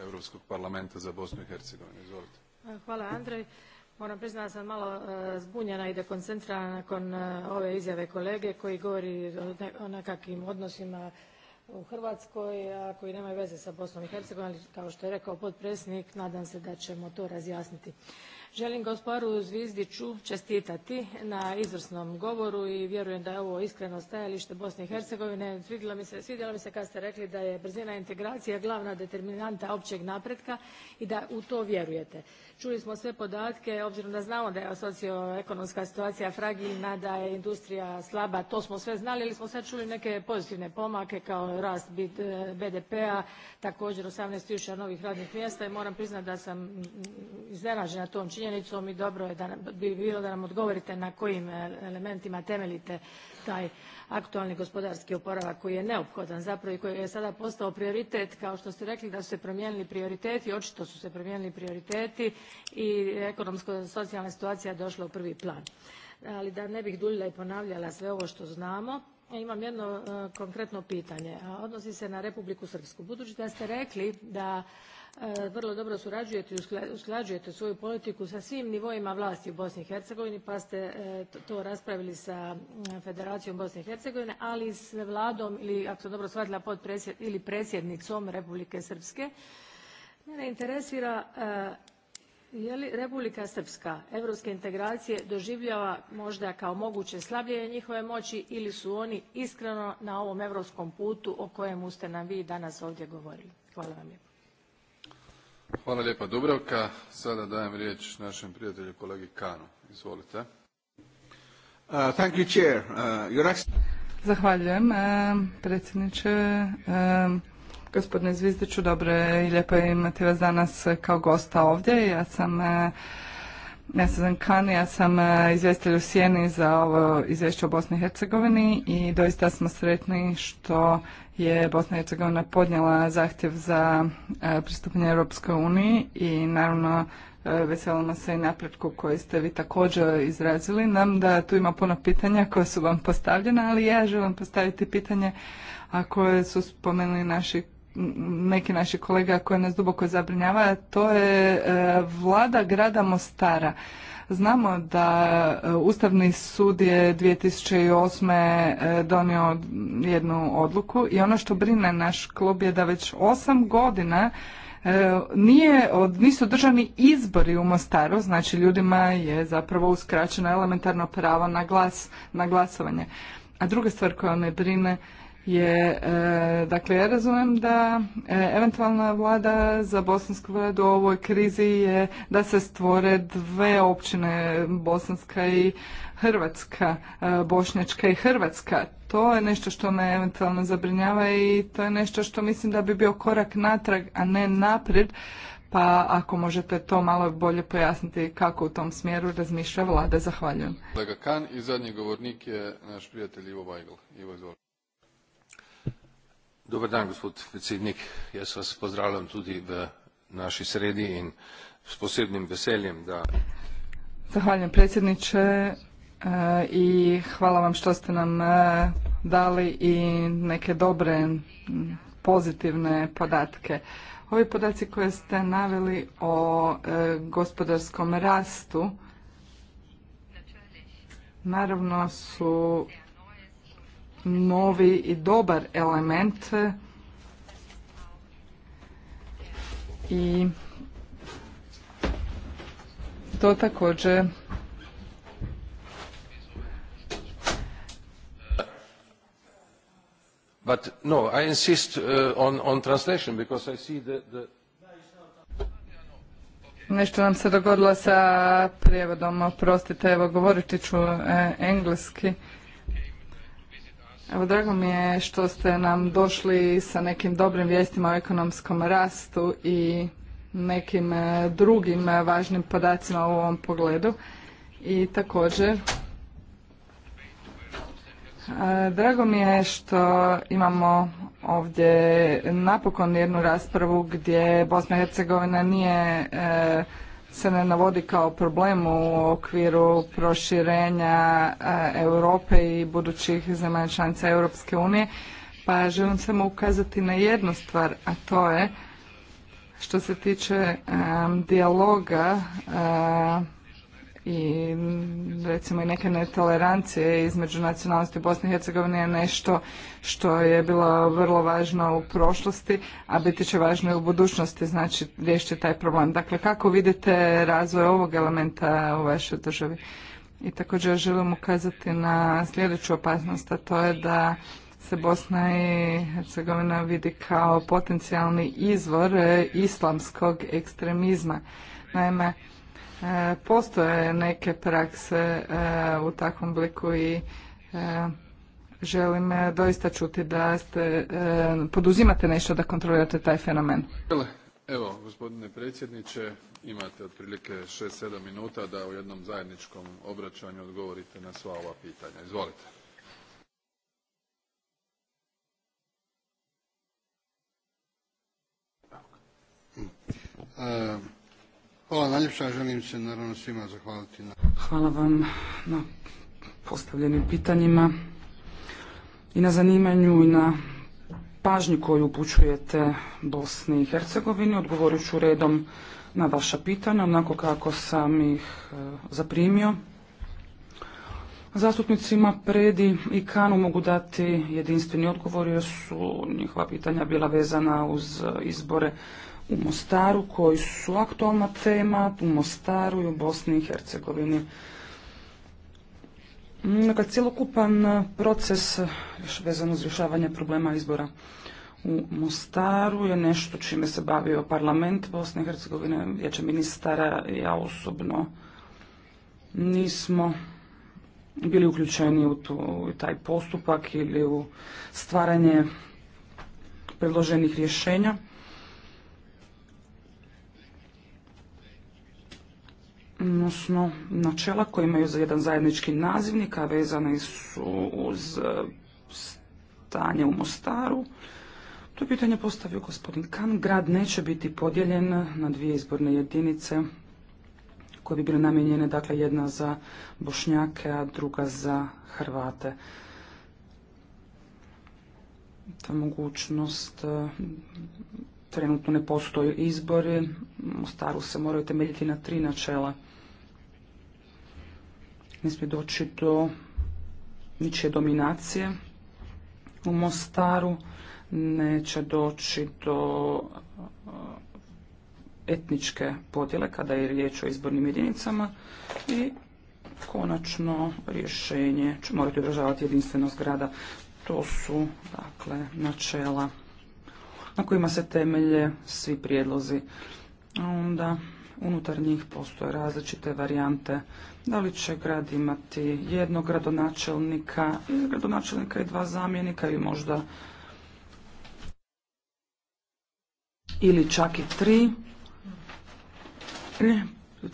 Europskog parlamenta za Bosnu i Hercegovinu. Eh, hvala Andrej. Moram priznati da sam malo eh, zbunjena i dekoncentrirana nakon ove izjave kolege koji govori o nekakvim odnosima u Hrvatskoj, a koji nemaju veze sa Bosnom i Hercegovinom, ali kao što je rekao potpredsjednik, nadam se da ćemo to razjasniti želim gospodinu zvizdiću čestitati na izvrsnom govoru i vjerujem da je ovo iskreno stajalište bosne i hercegovine. svidjelo mi se kad ste rekli da je brzina integracije glavna determinanta općeg napretka i da u to vjerujete. Čuli smo sve podatke, obzirom da znamo da je socioekonomska situacija fragilna, da je industrija slaba, to smo sve znali, ali smo sad čuli neke pozitivne pomake kao rast BDP-a, e, također 18.000 novih radnih mjesta i moram priznati da sam iznenađena tom činjenicom i dobro je da bi bilo da nam odgovorite na kojim e, elementima temeljite taj aktualni gospodarski oporavak koji je neophodan zapravo i koji je sada postao prioritet kao što ste rekli da su se promijenili prioriteti očito su se promijenili prioriteti i ekonomsko socijalna situacija je došla u prvi plan ali da ne bih duljila i ponavljala sve ovo što znamo e, imam jedno e, konkretno pitanje a odnosi se na republiku srpsku budući da ste rekli da E, vrlo dobro surađujete i usklađujete svoju politiku sa svim nivoima vlasti u bosni i hercegovini pa ste e, to raspravili sa mm, federacijom bosne i hercegovine ali i s vladom ili ako sam dobro shvatila ili predsjednicom republike srpske. mene interesira e, je li republika srpska europske integracije doživljava možda kao moguće slabljenje njihove moći ili su oni iskreno na ovom europskom putu o kojemu ste nam vi danas ovdje govorili? hvala vam Hvala lijepa Dubravka. Sada dajem riječ našem prijatelju kolegi Kanu. Izvolite. Uh, uh, Zahvaljujem uh, predsjedniče. Um, gospodine Zvizdiću, dobro i lijepo je imati vas danas kao gosta ovdje. Ja sam ja sam Zankani, ja sam izvjestitelj u Sjeni za ovo izvješće o Bosni i Hercegovini i doista smo sretni što je Bosna i Hercegovina podnijela zahtjev za e, pristupanje Europskoj uniji i naravno e, veselimo se i napretku koji ste vi također izrazili. Nam da tu ima puno pitanja koja su vam postavljena, ali ja želim postaviti pitanje a koje su spomenuli naši neki naši kolega koji nas duboko zabrinjava, to je e, vlada grada Mostara. Znamo da e, Ustavni sud je 2008. E, donio jednu odluku i ono što brine naš klub je da već osam godina nije, nisu držani izbori u Mostaru, znači ljudima je zapravo uskraćeno elementarno pravo na glas, na glasovanje. A druga stvar koja me brine je, e, dakle ja razumijem da e, eventualna vlada za bosansku vladu u ovoj krizi je da se stvore dve općine, bosanska i hrvatska, e, bošnjačka i hrvatska. To je nešto što me eventualno zabrinjava i to je nešto što mislim da bi bio korak natrag, a ne naprijed. Pa ako možete to malo bolje pojasniti kako u tom smjeru razmišlja vlada. Zahvaljujem. Kolega Kan i zadnji govornik je naš prijatelj Ivo Vajgl. Ivo, Dobar dan, gospod predsednik. Jaz vas pozdravljam tudi v naši sredi in s posebnim veseljem da... Zahvaljujem predsjedniče eh, i hvala vam što ste nam eh, dali i neke dobre pozitivne podatke. Ovi podaci koje ste naveli o eh, gospodarskom rastu naravno su novi i dobar element i to također But no, I insist uh, on, on translation because I see the, the... Nešto nam se dogodilo sa prijevodom, oprostite, evo govorit ću e, engleski. Evo, drago mi je što ste nam došli sa nekim dobrim vijestima o ekonomskom rastu i nekim e, drugim e, važnim podacima u ovom pogledu. I također, e, drago mi je što imamo ovdje napokon jednu raspravu gdje Bosna i Hercegovina nije se ne navodi kao problem u okviru proširenja e, Europe i budućih zemalja članica Europske unije, pa želim samo ukazati na jednu stvar, a to je što se tiče dijaloga i recimo i neke netolerancije između nacionalnosti Bosne i Hercegovine je nešto što je bilo vrlo važno u prošlosti, a biti će važno i u budućnosti, znači riješiti taj problem. Dakle, kako vidite razvoj ovog elementa u vašoj državi? I također želim ukazati na sljedeću opasnost, a to je da se Bosna i Hercegovina vidi kao potencijalni izvor islamskog ekstremizma. Naime, E, postoje neke prakse e, u takvom bliku i e, želim doista čuti da ste poduzimate nešto da kontrolirate taj fenomen. Evo, gospodine predsjedniče, imate otprilike 6-7 minuta da u jednom zajedničkom obraćanju odgovorite na sva ova pitanja. Izvolite. Uh, Hvala najljepša, želim se naravno svima zahvaliti. Na... Hvala vam na postavljenim pitanjima i na zanimanju i na pažnji koju upućujete Bosni i Hercegovini. Odgovorit ću redom na vaša pitanja, onako kako sam ih e, zaprimio. Zastupnicima Predi i Kanu mogu dati jedinstveni odgovor jer su njihova pitanja bila vezana uz izbore u Mostaru koji su aktualna tema u Mostaru i u Bosni i Hercegovini. Dakle, cjelokupan proces vezan uz rješavanje problema izbora u Mostaru je nešto čime se bavio parlament Bosne i Hercegovine, vijeće ministara i ja osobno nismo bili uključeni u taj postupak ili u stvaranje predloženih rješenja. odnosno načela koje imaju za jedan zajednički nazivnik, a vezane su uz e, stanje u Mostaru. To je pitanje postavio gospodin Kan. Grad neće biti podijeljen na dvije izborne jedinice koje bi bile namijenjene, dakle jedna za Bošnjake, a druga za Hrvate. Ta mogućnost e, trenutno ne postoji izbori. U Mostaru se moraju temeljiti na tri načela – ne smije doći do ničije dominacije u Mostaru, neće doći do e, etničke podjele kada je riječ o izbornim jedinicama i konačno rješenje će morati održavati jedinstvenost grada. To su dakle načela na kojima se temelje svi prijedlozi. A onda unutar njih postoje različite varijante da li će grad imati jednog gradonačelnika, gradonačelnika i dva zamjenika ili možda ili čak i tri?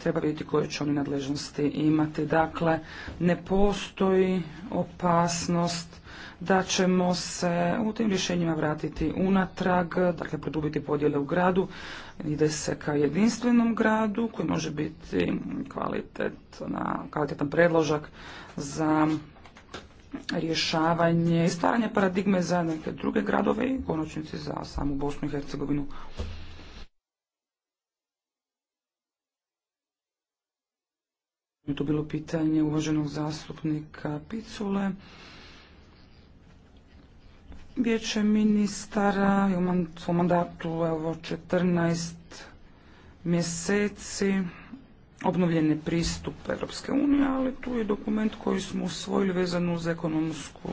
Treba vidjeti koje će oni nadležnosti imati. Dakle, ne postoji opasnost da ćemo se u tim rješenjima vratiti unatrag, dakle produbiti podjele u gradu, ide se ka jedinstvenom gradu koji može biti kvalitetan predložak za rješavanje i stvaranje paradigme za neke druge gradove i konačnici za samu Bosnu i Hercegovinu. to bilo pitanje uvaženog zastupnika Picule. Vijeće ministara u mandatu evo 14 mjeseci obnovljen je pristup Europske unije, ali tu je dokument koji smo usvojili vezano uz ekonomsku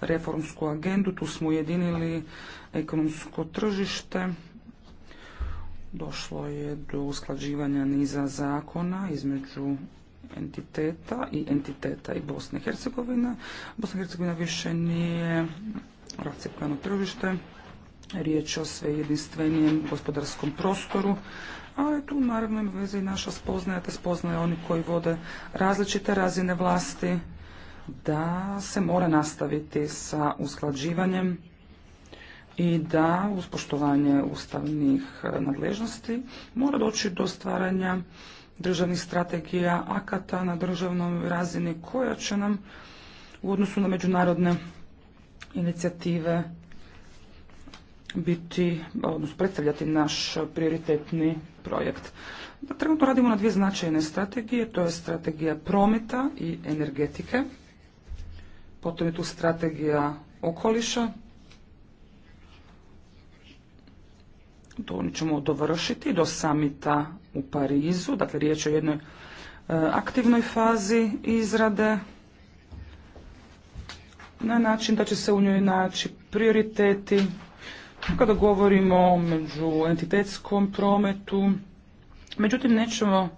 reformsku agendu. Tu smo ujedinili ekonomsko tržište. Došlo je do usklađivanja niza zakona između entiteta i entiteta i Bosne i Hercegovine. Bosna i Hercegovina više nije procjepkano tržište, riječ je o sve jedinstvenijem gospodarskom prostoru, ali tu naravno ima veze i naša spoznaja, te spoznaje oni koji vode različite razine vlasti, da se mora nastaviti sa usklađivanjem i da uz poštovanje ustavnih eh, nadležnosti mora doći do stvaranja državnih strategija akata na državnom razini koja će nam u odnosu na međunarodne inicijative biti, odnosno predstavljati naš prioritetni projekt. Trenutno radimo na dvije značajne strategije, to je strategija prometa i energetike, potom je tu strategija okoliša, to ćemo dovršiti do samita u Parizu, dakle riječ je o jednoj e, aktivnoj fazi izrade na način da će se u njoj naći prioriteti kada govorimo o entitetskom prometu. Međutim, nećemo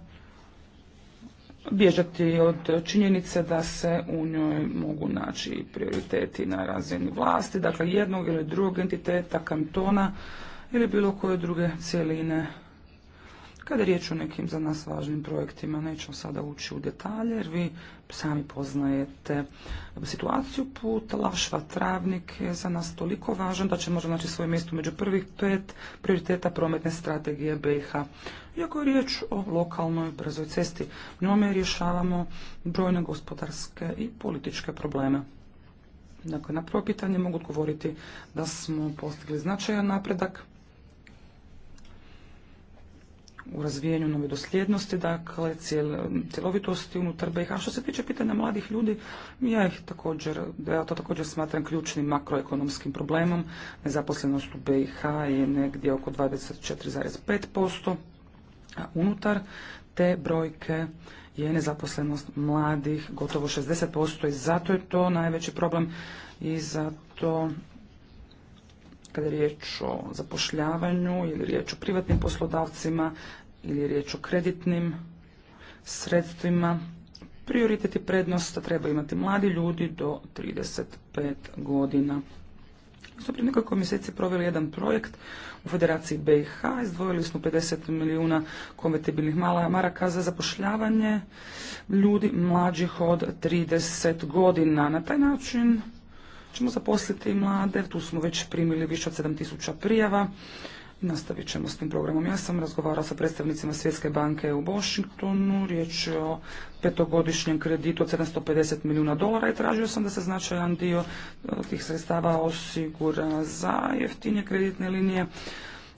bježati od činjenice da se u njoj mogu naći prioriteti na razini vlasti, dakle jednog ili drugog entiteta, kantona ili bilo koje druge cijeline kada je riječ o nekim za nas važnim projektima. nećemo sada ući u detalje jer vi sami poznajete situaciju puta. Lašva travnik je za nas toliko važan da će možda naći svoje mjesto među prvih pet prioriteta prometne strategije BiH. Iako je riječ o lokalnoj brzoj cesti, njome rješavamo brojne gospodarske i političke probleme. Dakle, na prvo pitanje mogu odgovoriti da smo postigli značajan napredak u razvijenju nove dosljednosti, dakle cjelovitosti unutar BiH. Što se tiče pitanja mladih ljudi, ja ih također, ja to također smatram ključnim makroekonomskim problemom. Nezaposlenost u BiH je negdje oko 24,5%, a unutar te brojke je nezaposlenost mladih gotovo 60% i zato je to najveći problem i zato kada je riječ o zapošljavanju ili riječ o privatnim poslodavcima ili riječ o kreditnim sredstvima. Prioritet i prednost treba imati mladi ljudi do 35 godina. Mi smo prije nekoliko mjeseci proveli jedan projekt u Federaciji BiH. Izdvojili smo 50 milijuna konvertibilnih maraka za zapošljavanje ljudi mlađih od 30 godina. Na taj način ćemo zaposliti mlade, tu smo već primili više od 7000 prijava. Nastavit ćemo s tim programom. Ja sam razgovarao sa predstavnicima Svjetske banke u Washingtonu, riječ je o petogodišnjem kreditu od 750 milijuna dolara i tražio sam da se značajan dio e, tih sredstava osigura za jeftinje kreditne linije,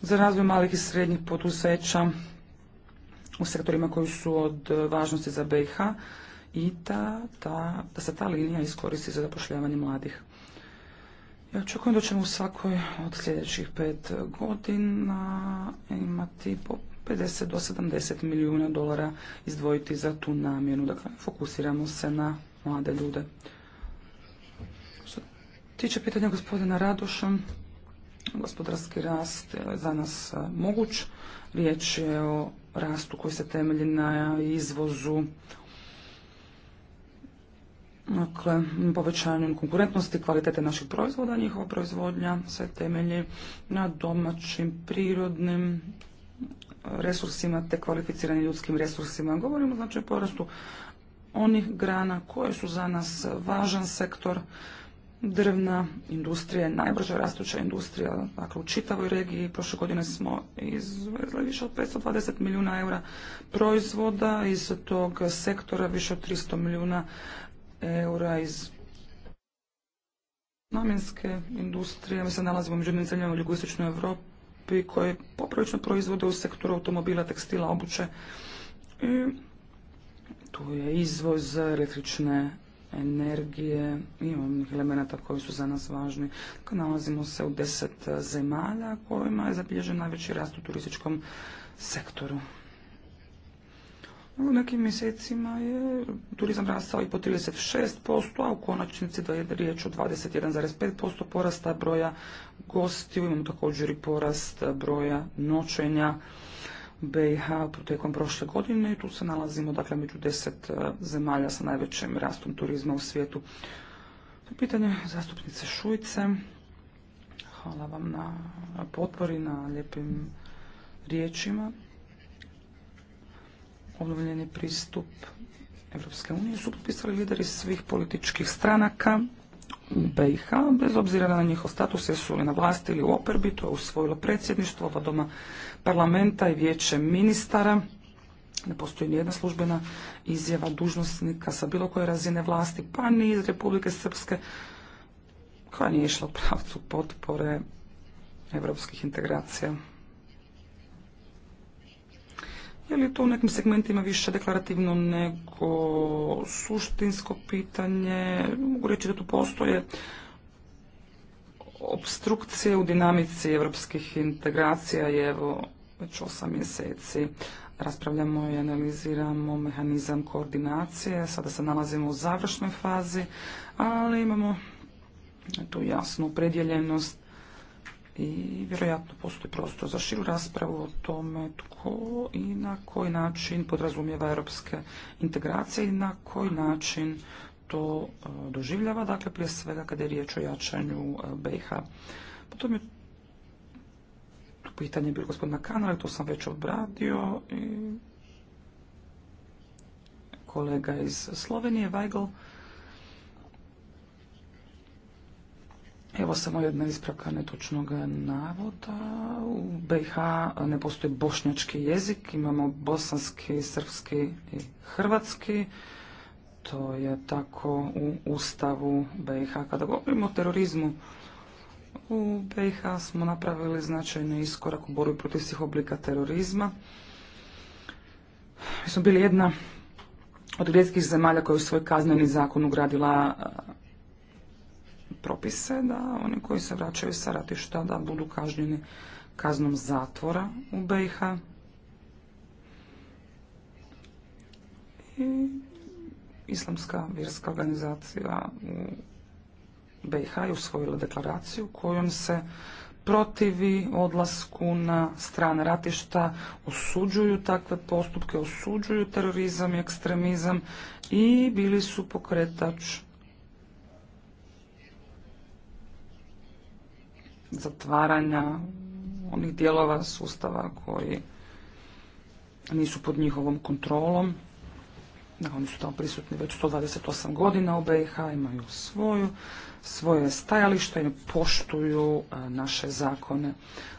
za razvoj malih i srednjih poduzeća u sektorima koji su od važnosti za BiH i da, da se ta linija iskoristi za zapošljavanje mladih. Ja očekujem da ćemo u svakoj od sljedećih pet godina imati po 50 do 70 milijuna dolara izdvojiti za tu namjenu. Dakle, fokusiramo se na mlade ljude. tiče pitanja gospodina Radoša, gospodarski rast je za nas e, moguć. Riječ je o rastu koji se temelji na izvozu Dakle, povećanjem konkurentnosti, kvalitete naših proizvoda, njihova proizvodnja sve temelji na domaćim, prirodnim e, resursima te kvalificiranim ljudskim resursima. Govorimo znači o porastu onih grana koje su za nas važan sektor. Drvna industrija najbrža rastuća industrija dakle, u čitavoj regiji. Prošle godine smo izvezli više od 520 milijuna eura proizvoda, iz tog sektora više od 300 milijuna eura iz namjenske industrije. Mi se nalazimo među jednim zemljama u jugoistočnoj Europi koje poprilično proizvode u sektoru automobila, tekstila, obuće. I tu je izvoz električne energije i onih elemenata koji su za nas važni. Dakle, nalazimo se u deset zemalja kojima je zabilježen najveći rast u turističkom sektoru. U nekim mjesecima je turizam rastao i po 36%, a u konačnici da je riječ o 21,5% porasta broja gostiju. Imamo također i porast broja noćenja BiH protekom prošle godine i tu se nalazimo dakle među deset e, zemalja sa najvećim rastom turizma u svijetu. Pitanje zastupnice Šujce. Hvala vam na potpori, na lijepim riječima obnovljeni pristup Evropske unije su potpisali lideri svih političkih stranaka u BiH, bez obzira na njihov status, jesu li na vlasti ili u operbi, to je usvojilo predsjedništvo ova doma parlamenta i vijeće ministara. Ne postoji jedna službena izjava dužnosnika sa bilo koje razine vlasti, pa ni iz Republike Srpske, koja nije išla u pravcu potpore evropskih integracija. Je li to u nekim segmentima više deklarativno nego suštinsko pitanje? Mogu reći da tu postoje obstrukcije u dinamici evropskih integracija i evo već osam mjeseci raspravljamo i analiziramo mehanizam koordinacije. Sada se nalazimo u završnoj fazi, ali imamo tu jasnu predjeljenost i vjerojatno postoji prostor za širu raspravu o tome tko i na koji način podrazumijeva europske integracije i na koji način to e, doživljava, dakle prije svega kada je riječ o jačanju e, BiH. Potom je pitanje bilo gospodina Kanara, to sam već obradio i kolega iz Slovenije, Weigl, Evo samo jedna ispravka netočnog navoda. U BiH ne postoji bošnjački jezik, imamo bosanski, srpski i hrvatski. To je tako u ustavu BiH. Kada govorimo o terorizmu, u BiH smo napravili značajni iskorak u borbi protiv svih oblika terorizma. Mi smo bili jedna od rijetkih zemalja koja je u svoj kazneni zakon ugradila propise da oni koji se vraćaju sa ratišta da budu kažnjeni kaznom zatvora u BiH. I islamska vjerska organizacija u BiH je usvojila deklaraciju kojom se protivi odlasku na strane ratišta, osuđuju takve postupke, osuđuju terorizam i ekstremizam i bili su pokretač zatvaranja onih dijelova sustava koji nisu pod njihovom kontrolom. Oni su tamo prisutni već 128 godina u BiH, imaju svoju, svoje stajalište i poštuju e, naše zakone.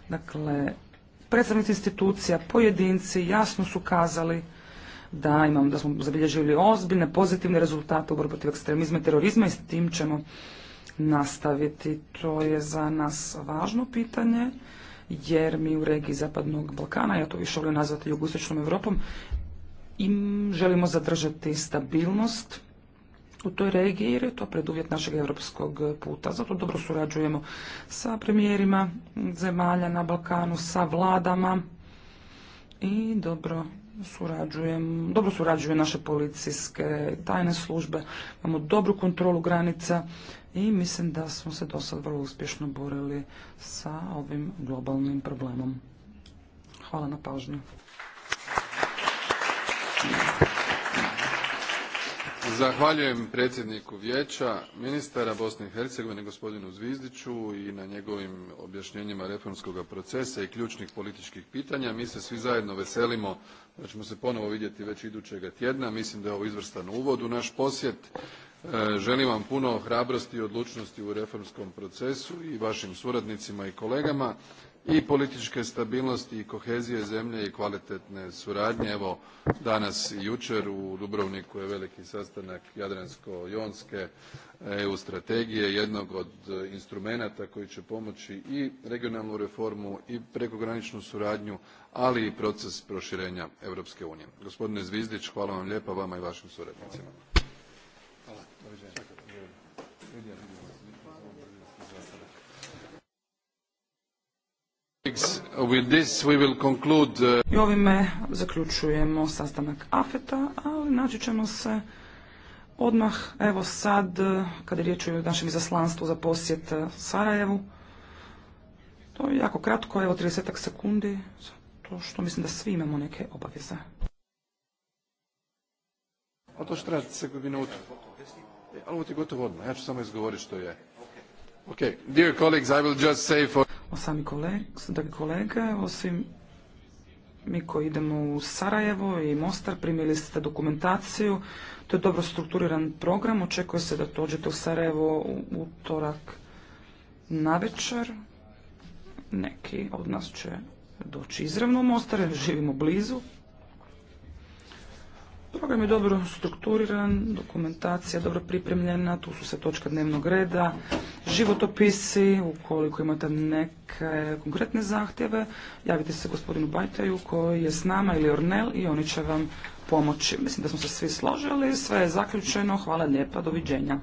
Dakle, predstavnici institucija, pojedinci jasno su kazali da, imamo da smo zabilježili ozbiljne pozitivne rezultate u borbi protiv ekstremizma i terorizma i s tim ćemo nastaviti. To je za nas važno pitanje jer mi u regiji Zapadnog Balkana, ja to više volim nazvati jugoistočnom Europom, im želimo zadržati stabilnost u toj regiji jer je to preduvjet našeg europskog puta. Zato dobro surađujemo sa premijerima zemalja na Balkanu, sa vladama i dobro surađujemo dobro surađuju naše policijske tajne službe, imamo dobru kontrolu granica i mislim da smo se do sad vrlo uspješno borili sa ovim globalnim problemom. Hvala na pažnju. Zahvaljujem predsjedniku Vijeća ministara Bosne i Hercegovine gospodinu Zvizdiću i na njegovim objašnjenjima reformskog procesa i ključnih političkih pitanja. Mi se svi zajedno veselimo da ćemo se ponovo vidjeti već idućega tjedna. Mislim da je ovo izvrstan uvod u naš posjet E, želim vam puno hrabrosti i odlučnosti u reformskom procesu i vašim suradnicima i kolegama i političke stabilnosti i kohezije zemlje i kvalitetne suradnje. evo danas i jučer u dubrovniku je veliki sastanak jadransko jonske e, eu strategije jednog od instrumenata koji će pomoći i regionalnu reformu i prekograničnu suradnju ali i proces proširenja europske unije. gospodine Zvizdić, hvala vam lijepa vama i vašim suradnicima. Uh, I ovime zaključujemo sastanak AFETA, ali naći ćemo se odmah, evo sad, kada je riječ o našem izaslanstvu za posjet Sarajevu. To je jako kratko, evo 30 sekundi, to što mislim da svi imamo neke obaveze. Oto 40 minuta. E, ovo gotovo odmah, ja ću samo izgovoriti što je. Ok, dear colleagues, I will just say for... Osami koleg, kolega, osim mi koji idemo u Sarajevo i Mostar, primili ste dokumentaciju, to je dobro strukturiran program, očekuje se da dođete u Sarajevo u utorak na večer, neki od nas će doći izravno u Mostar, živimo blizu, Program je dobro strukturiran, dokumentacija dobro pripremljena, tu su se točka dnevnog reda, životopisi, ukoliko imate neke konkretne zahtjeve, javite se gospodinu Bajtaju koji je s nama ili Ornel i oni će vam pomoći. Mislim da smo se svi složili, sve je zaključeno, hvala lijepa, doviđenja.